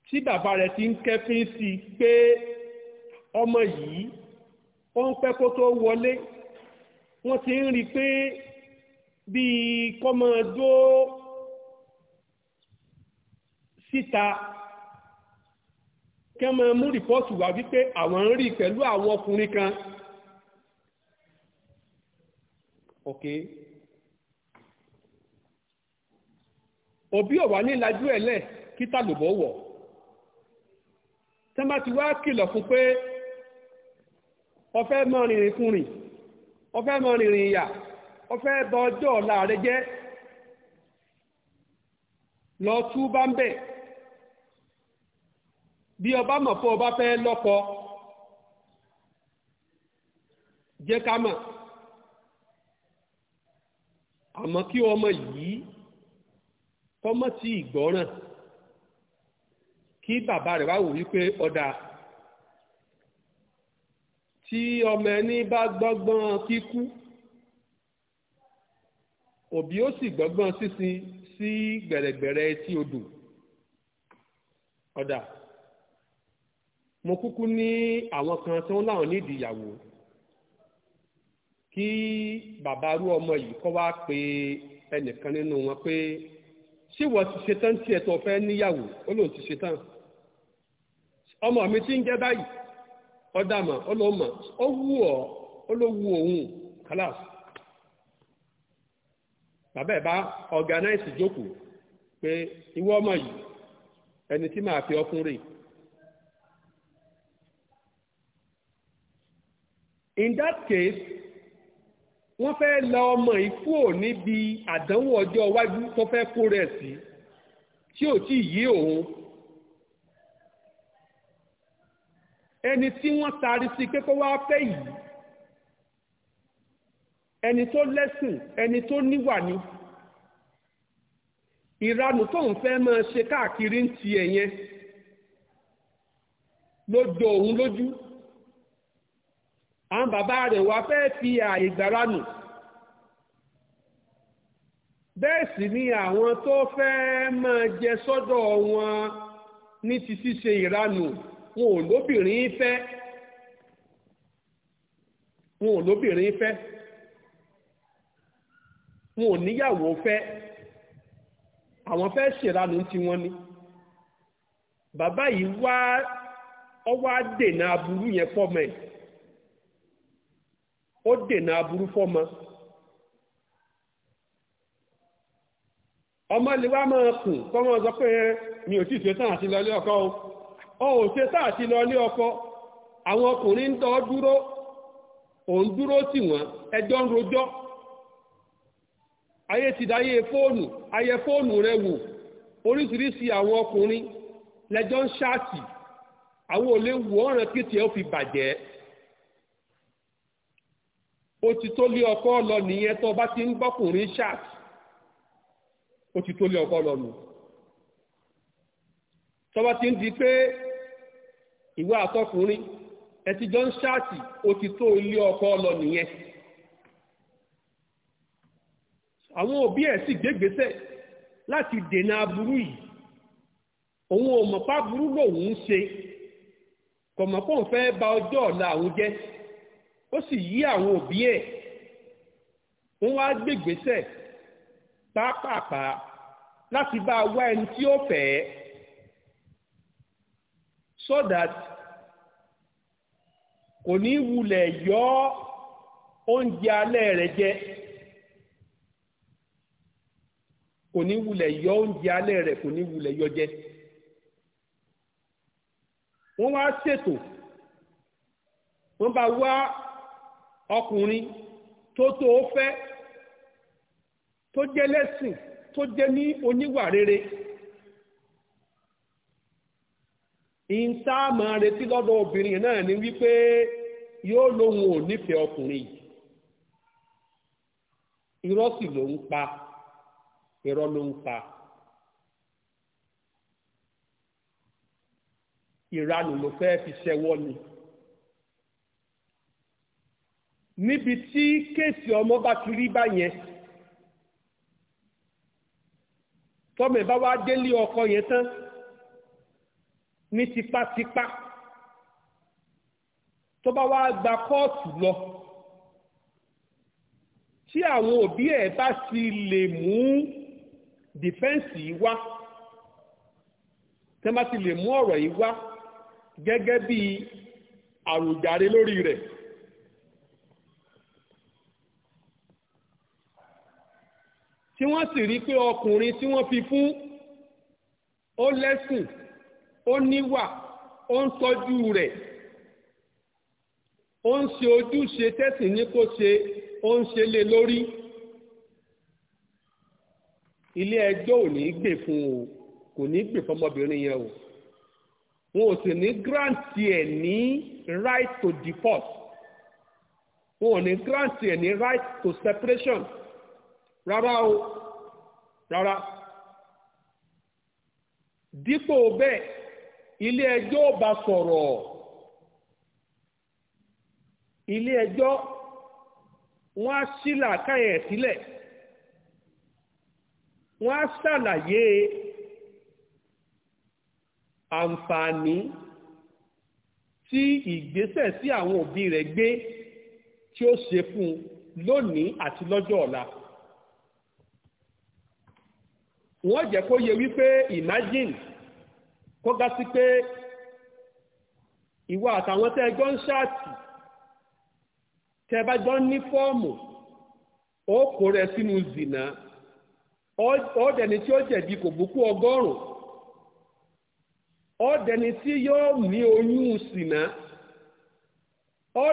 tí bàbá rẹ̀ ti ń kẹ́fín sí i pé ọmọ yìí ó ń pẹ́ kó tó wọlé wọ́n ti ń rí i pé bíi kọ́mọdó síta kẹ́ máa mú rìpọ́ọ̀tù wá wípé àwọn ń rí i pẹ̀lú àwọn ọkùnrin kan. ok òbí ọ̀wá ní lajú ẹ̀ lẹ̀ kí tàlùbọ̀ wọ̀ tẹ́ bá ti wá kìlọ̀ fún pé ọfẹ́ mọ rìnrìn kùnrin ọfẹ́ mọ rìnrìn ìyà ọfẹ́ bọ ọjọ́ ọ̀la rẹ jẹ́ lọ tú bá ń bẹ̀ bí ọba mọ̀ fún ọba fẹ́ lọ́kọ jẹ́ ká mọ̀ àmọ́ kí ọmọ yìí kọ́mọ́ sí ìgbọ́ràn kí bàbá rẹ̀ wá wò wípé ọ̀dà tí ọmọ ẹni bá gbọ́gbọ́n kíkú òbí ó sì gbọ́gbọ́n sísin sí gbẹ̀rẹ̀gbẹ̀rẹ̀ etí odò ọ̀dà mo kúkú ní àwọn kan tí wọ́n láwọn nídìí ìyàwó kí bàbá arú ọmọ yìí kọ́ wá pé ẹnìkan nínú wọn pé ṣé wọ́n ti ṣetán tí ẹ̀tọ́ fẹ́ níyàwó ó lóun ti ṣetán ọmọ mi ti ń jẹ́ báyìí ọ̀dàmà ọlọ́mà ó wù ọ́ òun kálásì. bàbá ẹ̀ bá ọ̀gánáìsì jókòó pé ìwọ ọmọ yìí ẹni tí màá fi ọkùn rè. in that case wọ́n fẹ́ lọ ọmọ yìí kúrò níbi àdánwò ọjọ́ iwájú tó fẹ́ kó rẹ̀ sí tí ò tí ì yé òun. ẹni tí wọ́n taari sí pé kó wá fẹ́ yìí ẹni tó lẹ́sìn ẹni tó níwà ni ìranù tó ń fẹ́ máa ṣe káàkiri ń ti ẹ̀yẹn ló jọ òun lójú àwọn bàbá rẹ̀ wá fẹ́ fi àyè gbàranù bẹ́ẹ̀ sì ni àwọn tó fẹ́ máa jẹ sọ́dọ̀ wọn ní ti ṣíṣe ìranù. wọn ò lóbìnrin fẹ́ wọn ò lóbìnrin fẹ́ wọn ò níyàwó fẹ́ àwọn fẹ́ ṣèlànà tiwọn ni bàbá yìí wá ọwọ́ á dènà aburú yẹn fọ́mọ ẹ̀ ó dènà aburú fọ́mọ. ọmọ wá máa kùn kọ́mọ sọ pé mi ò tí ì ṣe tán àti ọkọ o. ọ ò ṣe lọ ní ọkọ àwọn ọkùnrin ń tọ́ dúró òun dúró tì wọ́n ẹjọ́ ń rojọ́ ayé ti dáyé fóònù ayé fóònù rẹ wò oríṣiríṣi àwọn ọkùnrin lẹ́jọ́ ń ṣáàtì àwọn olè wò ọ̀ràn kìtì ẹ̀ ọkọ lọ nìyẹn tó bá ti ń ṣáàtì ọkọ lọ nù ti ń ìwé àtọkùnrin ẹtí jọ ń ṣáàtì ó ti ilé ọkọ lọ nìyẹn àwọn òbí ẹ̀ sì gbégbèsè láti dènà aburú yìí òun ò mọ̀pá burú lòun ń ṣe kọ̀mọ̀pọ̀ fẹ́ bà ọjọ́ ọ̀la àwọn jẹ́ ó sì yí àwọn òbí ẹ̀ wọ́n wá láti bá a wá ẹni tí ó so that kò ní wulẹ̀ yọ oúnjẹ alẹ́ jẹ kò ní wulẹ̀ yọ oúnjẹ alẹ́ kò ní wulẹ̀ yọ jẹ wọ́n wá ṣètò wọ́n bá wá ọkùnrin tó tó fẹ́ tó jẹ́ lẹ́sìn tó jẹ́ ní oníwà rere. ìntàmà retí lọ́dọ̀ obìnrin náà ni wípé yóò lóhun ò nífẹ̀ẹ́ ọkùnrin yìí irọ́ sì ló ń pa irọ́ ló ń pa ìranù fi ṣẹwọ́ ni níbi tí kéèsì ọmọ bá ti rí báyẹn tọ́mẹ̀ bá wá ọkọ yẹn tán. ní tipátipá tó bá wá gba kóòtù lọ tí àwọn òbí ẹ̀ bá sì lè mú dìfẹ́ǹsì yìí wá tẹ́ bá sì lè mú ọ̀rọ̀ yìí wá gẹ́gẹ́ bí àròjàre lórí rẹ̀. tí wọ́n sì rí pé ọkùnrin tí wọ́n fi fún ó lẹ́sìn ó níwà ó ń tọ́jú rẹ̀ ó ń ṣe ojúṣe tẹ́sìn ní kó ṣe ó ń ṣe lé lórí ilé ẹjọ́ ò ní gbè fún o kò ní gbè fọmọbìnrin yẹn o wọn ò sì ní gírántì ẹ̀ ní right to deport wọn ò ní gírántì ẹ̀ ní right to separation rárá o rárá dípò bẹ́ẹ̀ ilé ẹjọ́ ọba sọ̀rọ̀ ilé ẹjọ́ wọ́n á ṣí làákàyè sílẹ̀ wọ́n á ṣàlàyé àǹfààní tí ìgbésẹ̀ tí àwọn òbí rẹ̀ gbé tí ó ṣe fún un lónìí àti lọ́jọ́ ọ̀la wọ́n jẹ́ kó yẹ wípé imagine kó ga sí pé ìwọ àtàwọn tẹ́ ẹjọ́ ń ṣáàtì tẹ́ bá jọ ní fọ́ọ̀mù ó kó rẹ sínú zìnà ó dẹni tí ó jẹ̀bi kò bùkú ọgọ́rùn ó dẹni tí yóò ní oyún sìnà ó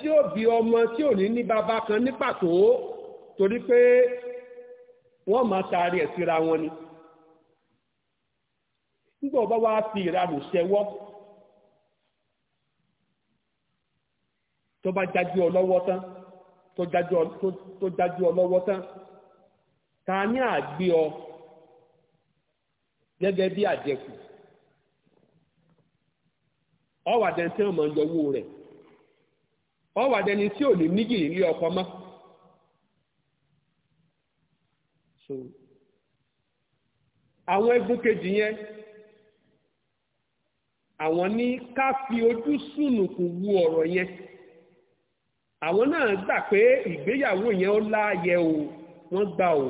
tí ó bí ọmọ tí ò ní ní bàbá kan ní pàtó torí pé wọ́n máa taari ẹ̀ síra wọn ni. nígbà ọba wa fi ìranù bụ tó bá jájú ọ lọ́wọ́ tán tó jájú ọ lọ́wọ́ tán ta ọ gẹgẹ bí àjẹkù ọwà dẹni tí wọ́n mọ̀ ń ọwà dẹni tí ò ní ọkọ ma àwọn egun kejì yẹn àwọn ní ká fi ojú sùnùkùn wu ọ̀rọ̀ yẹn àwọn náà gbà pé ìgbéyàwó yẹn ó láàyè o wọ́n gbà o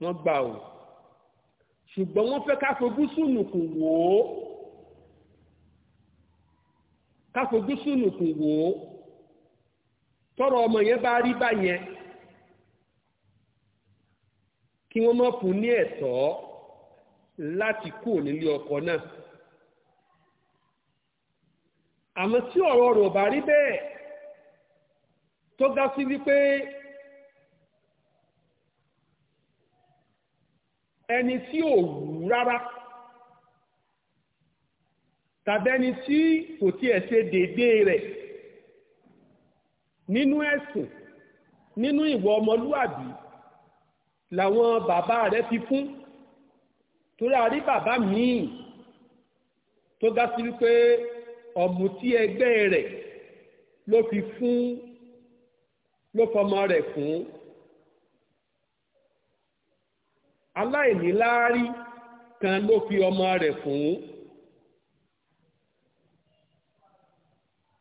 wọ́n gbà o ṣùgbọ́n wọ́n fẹ́ ká fojú sùnùkùn wò ó ká fojú sùnùkùn wò ó tọ́rọ̀ ọmọ yẹn bá rí báyẹn kí wọ́n má fún ní ẹ̀tọ́ láti kúrò nílé ọkọ náà àmọ́ tí ọ̀rọ̀ rẹ̀ ò bá rí bẹ́ẹ̀ tó ga sí wípé ẹni tí ò wù rárá tàbí ẹni tí kò tiẹ̀ ṣe déédéé rẹ̀ nínú ẹ̀sìn nínú ìwọ ọmọlúwàbí làwọn bàbá rẹ̀ fi fún torí a rí bàbá míì tó ga sí wípé ọ̀mùtí ẹgbẹ́ rẹ̀ ló fi fún ló fọmọ rẹ̀ fún aláìníláárí kan ló fi ọmọ rẹ̀ fún.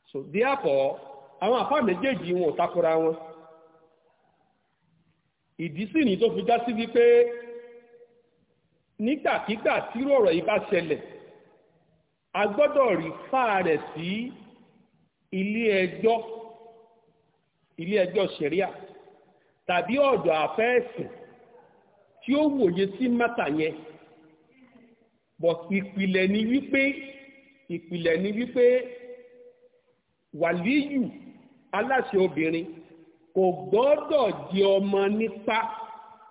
so therefore àwọn àfáà méjèèjì wọn ò takora wọn ìdí sì ni tó fi já sí wípé nígbàkigbà tí rọ̀rọ̀ yìí bá ṣẹlẹ̀ a gbọ́dọ̀ rí fáà rẹ̀ sí ilé ẹjọ́ ilé ẹjọ́ ṣẹ̀ríà tàbí ọ̀dọ̀ àfẹ́ẹ̀sìn tí ó wòye sí mátà yẹn but ìpìlẹ̀ ni wípé ìpìlẹ̀ ni wípé wàlíyù aláṣẹ obìnrin kò gbọ́dọ̀ jẹ ọmọ nípa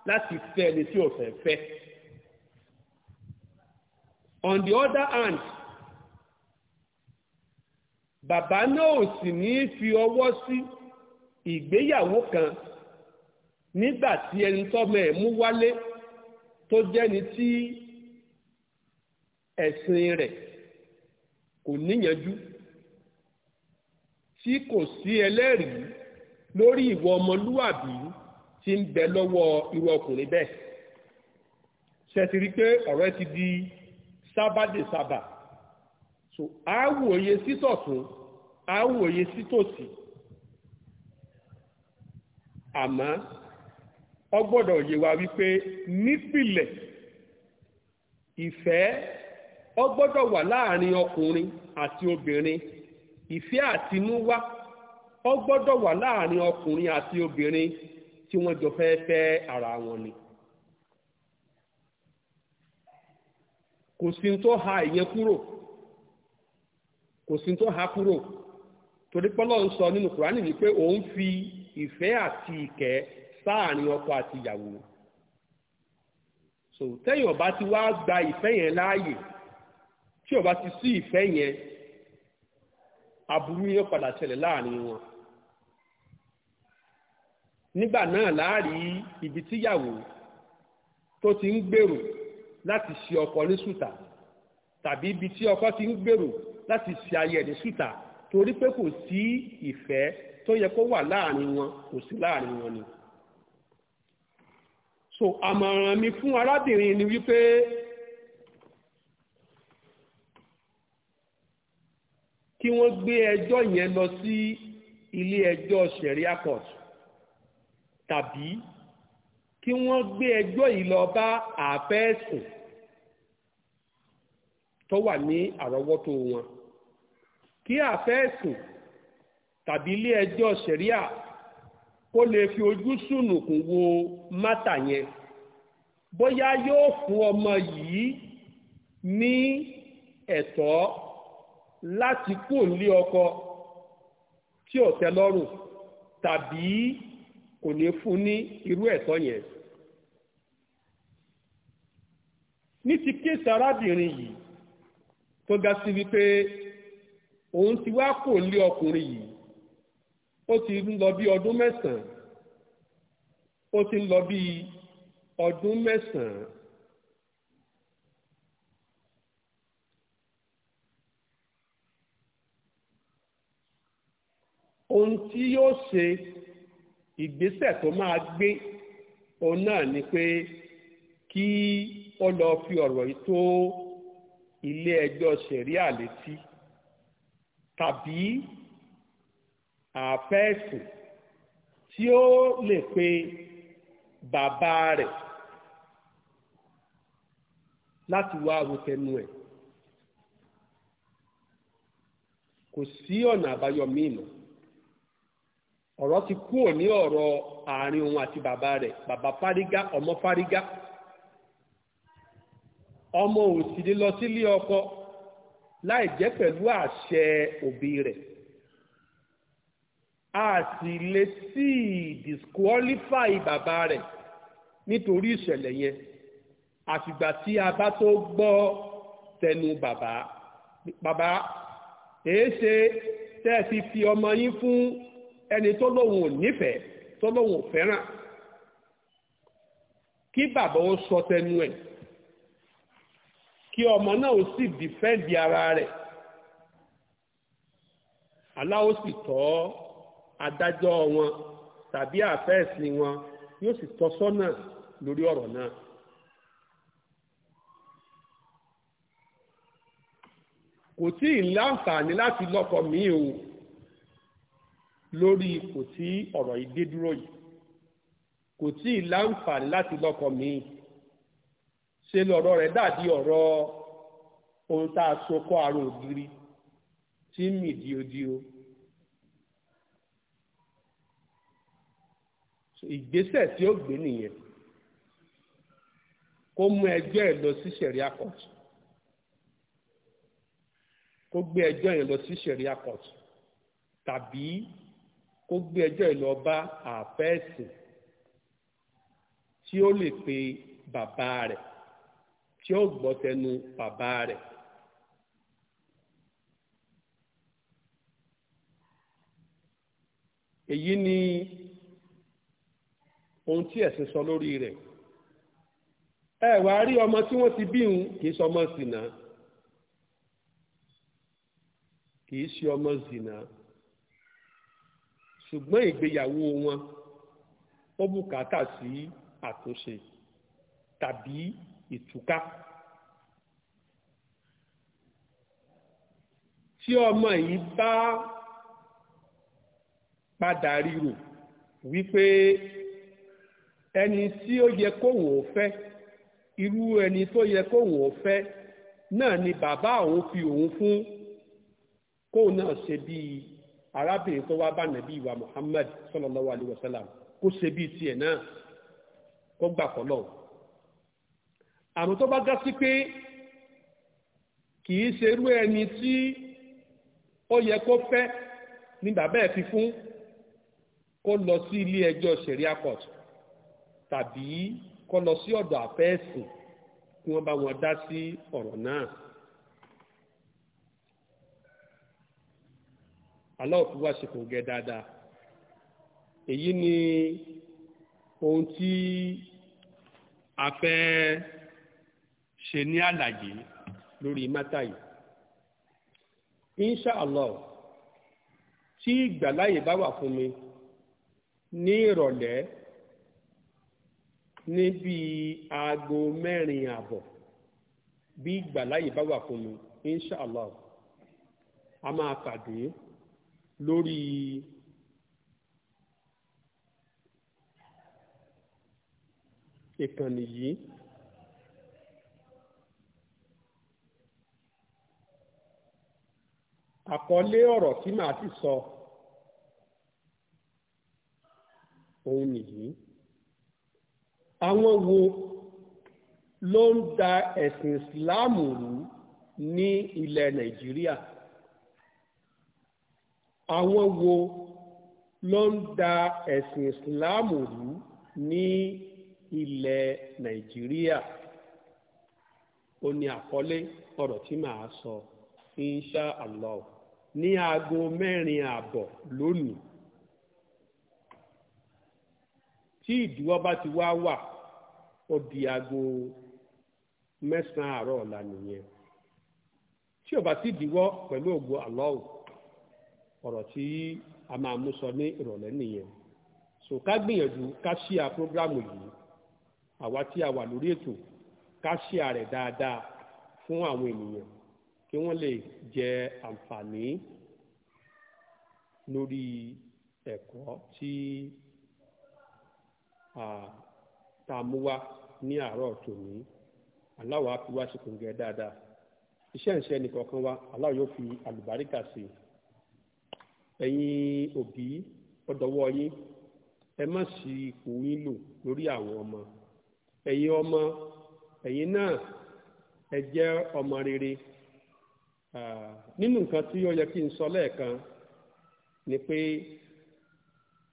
láti fẹ́ ẹni tí ò fẹ́ fẹ́ on the other hand bàbá náà ò sì ní fi ọwọ́ sí ìgbéyàwó kan nígbà tí ẹni tọ́mọ ẹ̀ mú wálé tó jẹ́ni tí ẹ̀sìn rẹ̀ kò níyanjú tí kò sí ẹlẹ́rìí lórí ìwọ ọmọlúwàbí tí ń bẹ lọ́wọ́ irú ọkùnrin bẹ́ẹ̀ ṣe ti rí pé ọ̀rẹ́ ti di sábàdèsábà. Sábà so a wòye sítọ̀tún a wòye àmọ́ ọ gbọdọ yé wa wípé nípìlẹ̀ ìfẹ́ ọ gbọ́dọ̀ wà láàrin ọkùnrin àti obìnrin ìfẹ́ àtinúwá ọ gbọdọ wà láàrin ọkùnrin àti obìnrin tí wọ́n jọ fẹ́ fẹ́ ara wọn ni. kò sí tó ha ìyẹn kúrò kò sí tó ha kúrò torí pọ́lọ́ sọ nínú kùránì wípé òun fi ìfẹ́ àti ìkẹ́ sáàrin ọkọ àti ìyàwó so tẹ́yìn ọba ti wá gba ìfẹ́ yẹn láàyè tí ọba ti sí ìfẹ́ yẹn aburú yẹn padà ṣẹlẹ̀ láàrin wọn nígbà náà láàrí ibi tí tíyàwó tó ti ń gbèrò láti ṣe ọkọ ní sùtà tàbí ibi tí ọkọ ti ń gbèrò láti ṣe ayé ẹ̀dín síta torí pé kò sí ìfẹ́ tó yẹ kó wà láàrin wọn kò sí láàrin wọn ni. so àmọ̀ràn mi fún arábìnrin ni wípé kí wọ́n gbé ẹjọ́ yẹn lọ sí ilé ẹjọ́ sẹ̀ríà court tàbí kí wọ́n gbé ẹjọ́ yìí lọ bá àfẹ́sùn tó wà ní àrọ́wọ́tó wọn kí àfẹ́ẹ̀sìn tàbí ilé ẹjọ́ sẹ̀ríà kó lè fi ojú sùnùkùn wo mátà yẹn bóyá yóò fún ọmọ yìí ní ẹ̀tọ́ láti kú nílé ọkọ tí ò tẹ́ lọ́rùn tàbí kò ní fún ní irú ẹ̀tọ́ yẹn. ní ti kéèsì arábìnrin yìí tó ga sí wípé òun ti wá kò lé ọkùnrin yìí ó ti ń lọ bí ọdún mẹ́sàn-án ó ti ń lọ bí ọdún mẹ́sàn-án. ohun tí yóò ṣe ìgbésẹ̀ tó máa gbé òun náà ni pé kí ó lọ fi ọ̀rọ̀ yìí tó ilé ẹjọ́ ṣẹ̀ríà létí. tàbí àfẹ́ẹ̀sì tí ó lè pe bàbá rẹ̀ láti wá arúfẹ́nu ẹ̀ kò sí ọ̀nà àbáyọ míì mọ́ ọ̀rọ̀ ti kú òní ọ̀rọ̀ àárín òun àti bàbá rẹ̀ bàbá fárígá ọmọ fárígá ọmọ òsì lè sílé ọkọ láì jẹ́ pẹ̀lú àṣẹ òbí rẹ̀ a sì lè sí disqualify bàbá rẹ̀ nítorí ìṣẹ̀lẹ̀ yẹn àfìgbà tí a bá tó gbọ́ tẹnu bàbá bàbá èé ṣe tẹ́ ẹ fi fi ọmọ yín fún ẹni tó lóun ò nífẹ̀ẹ́ tó lóun ò fẹ́ràn kí bàbá ó sọ tẹnu ẹ̀ kí ọmọ náà ó sì dìfẹ́ǹdì ara rẹ̀ aláwo sì tọ́ adájọ́ wọn tàbí àfẹ́ẹ̀sìn wọn yóò sì tọ́ sọ́nà lórí ọ̀rọ̀ náà. kò tí ì láǹfààní láti lọ́kọ míì o lórí ipò tí ọ̀rọ̀ yìí dé dúró yìí kò tí ì láǹfààní láti lọ́kọ míì ṣe lọ̀rọ̀ rẹ̀ dàbí ọ̀rọ̀ ohun tá a so kọ́ ara ògiri tí ń mì díodío. ìgbésẹ̀ tí ó gbé nìyẹn kó mú ẹjọ́ ẹ̀ lọ sí sẹ̀ríà kọ̀tù kó gbé ẹjọ́ yẹn lọ sí sẹ̀ríà kọ̀tù tàbí kó gbé ẹjọ́ yẹn lọ bá àfẹ́ẹ̀sì tí ó lè pe bàbá rẹ̀. tí ó gbọ́ tẹnu bàbá rẹ̀. èyí ni ohun tí ẹ̀sìn sọ lórí rẹ̀ ẹ wá rí ọmọ tí wọ́n ti bí òun kì í sọ ọmọ zìnà kì í ṣe ọmọ zìnà ṣùgbọ́n ìgbéyàwó wọn ó bùkátà sí àtúnṣe tàbí ìtúká tí ọmọ yìí bá padà ríro wípé ẹni tí ó yẹ kóhùn ò fẹ́ irú ẹni tó yẹ kóhùn ò fẹ́ náà ni bàbá òun fi òun fún kóhùn náà ṣe bí arábìnrin tó wá bá nàbí ìwà Muhammad sallallahu alaihi wasallam kó ṣe bí tiẹ̀ náà kó gbà fọlọ́run àmọ́ tó bá já sí pé kì í ṣerú ẹni tí ó yẹ kó fẹ́ ní bàbá ẹ̀ fi fún kó lọ sí ilé ẹjọ́ sẹ̀ríà court tàbí kó lọ sí ọ̀dọ̀ àfẹ́ẹ̀sìn kí wọ́n bá wọn dá sí ọ̀rọ̀ náà. aláwọ̀ wá ṣe kò gẹ́ dáadáa èyí ni ohun tí a fẹ́ ṣe ní àlàyé lórí mátà yìí inshallah tí ìgbàláyè bá wà fún mi ní ìrọ̀lẹ́ ní bíi aago mẹ́rin àbọ̀ bí ìgbàláyè bá wà fún mi inshallah a máa pàdé lórí ìkànnì yìí. àkọlé ọ̀rọ̀ tí màá sì sọ òun nìyí àwọn wo ló ń da ẹ̀sìn ìsìláàmù rú ní ilẹ̀ nàìjíríà àwọn wo ló ń da ẹ̀sìn ìsìláàmù rú ní ilẹ̀ nàìjíríà ó ní àkọlé ọ̀rọ̀ tí màá sọ insha allah. ní aago mẹ́rin ààbọ̀ lónìí tí ìdíwọ́ bá ti wá wà ó di aago mẹ́sàn-án àárọ̀ ọ̀la nìyẹn tí ò bá ti ìdíwọ́ pẹ̀lú ògo àlọ́ọ̀ ọ̀rọ̀ tí a máa mú sọ ní ìrọ̀lẹ́ nìyẹn so ká gbìyànjú ká ṣíà prógrámù yìí tí a wà lórí ètò ká rẹ̀ dáadáa fún àwọn ènìyàn kí wọ́n lè jẹ àǹfààní lórí ẹ̀kọ́ tí tá a mú wá ní àárọ̀ tòní aláwọ̀ á fi wá sí kòǹgẹ́ dáadáa iṣẹ́ ìṣe nìkọ̀ọ̀kan wa aláwọ̀ yóò fi àlùbáríkà sí i ẹ̀yin òbí ọ̀dọ̀wọ́ yín ẹ má ṣì ipò yín lò lórí àwọn ọmọ ẹ̀yin ọmọ ẹ̀yin náà ẹ jẹ́ ọmọ rere nínú nǹkan tí ó yẹ kí n sọ lẹ́ẹ̀kan ni pé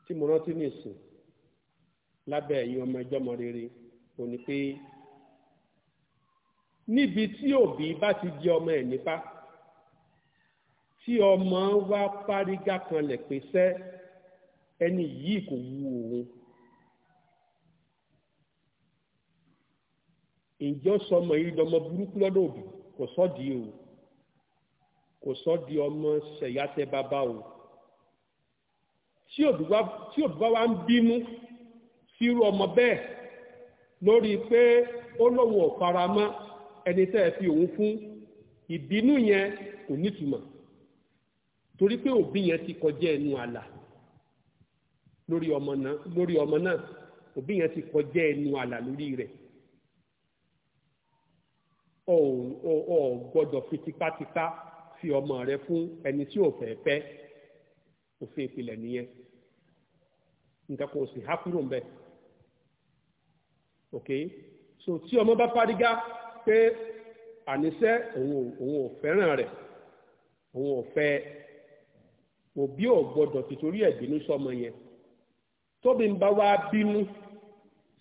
tí mo rántí ní ìsìn lábẹ́ ẹ̀yin ọmọ ẹjọ́mọ rere ò ní pé níbi tí òbí bá ti jẹ ọmọ ẹ̀ nípa tí ọmọ wa párígá kanlẹ̀ pé sẹ́ ẹni yìí kò wu òun. ìjọ sọmọ yìí dọmọ burúkú lọ́dọ̀ òbí kò sọ́ di o kò sọ di ọmọ ṣẹ̀yàtẹ̀ bàbá o tí òbí wa ń bínú sírú ọmọ bẹ́ẹ̀ lórí pé ó lóun ò fara mọ́ ẹni tẹ́ ẹ fi òun fún ìbínú yẹn kò nítumọ̀ torí pé òbí yẹn ti kọjá ẹnu àlà lórí ọmọ náà òbí yẹn ti kọjá ẹnu àlà lórí rẹ̀ o ò gbọ́dọ̀ fi tipátipá fi ọmọ rẹ fún ẹni tí ò fẹ́ fẹ́ òfin ìpìlẹ̀ nìyẹn nǹkan kò sì há kúrò ńbẹ̀ ok so tí ọmọ bá fárígá pé àníṣe òun òun ò fẹ́ràn rẹ̀ òun ò fẹ́ òbí ò gbọdọ̀ tìtorí ẹ̀ bínú sọmọ yẹn tóbi ń bá wá bínú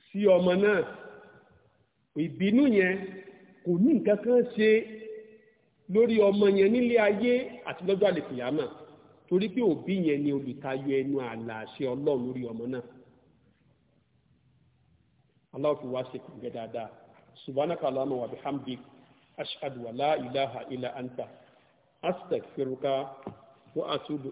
sí ọmọ náà ìbínú yẹn kò ní nǹkan kan ṣe lórí ọmọ yẹn nílé ayé àti lọ́jọ́ àlèkìyàmà torí pé òbí yẹn ni olùtayọ ẹnu ààlà ọlọ́run lórí ọmọ náà aláwọ̀ fi wá ṣe kùngẹ́ dáadáa subhanaka allahumma wa la ilaha ila anta astaghfiruka wa atubu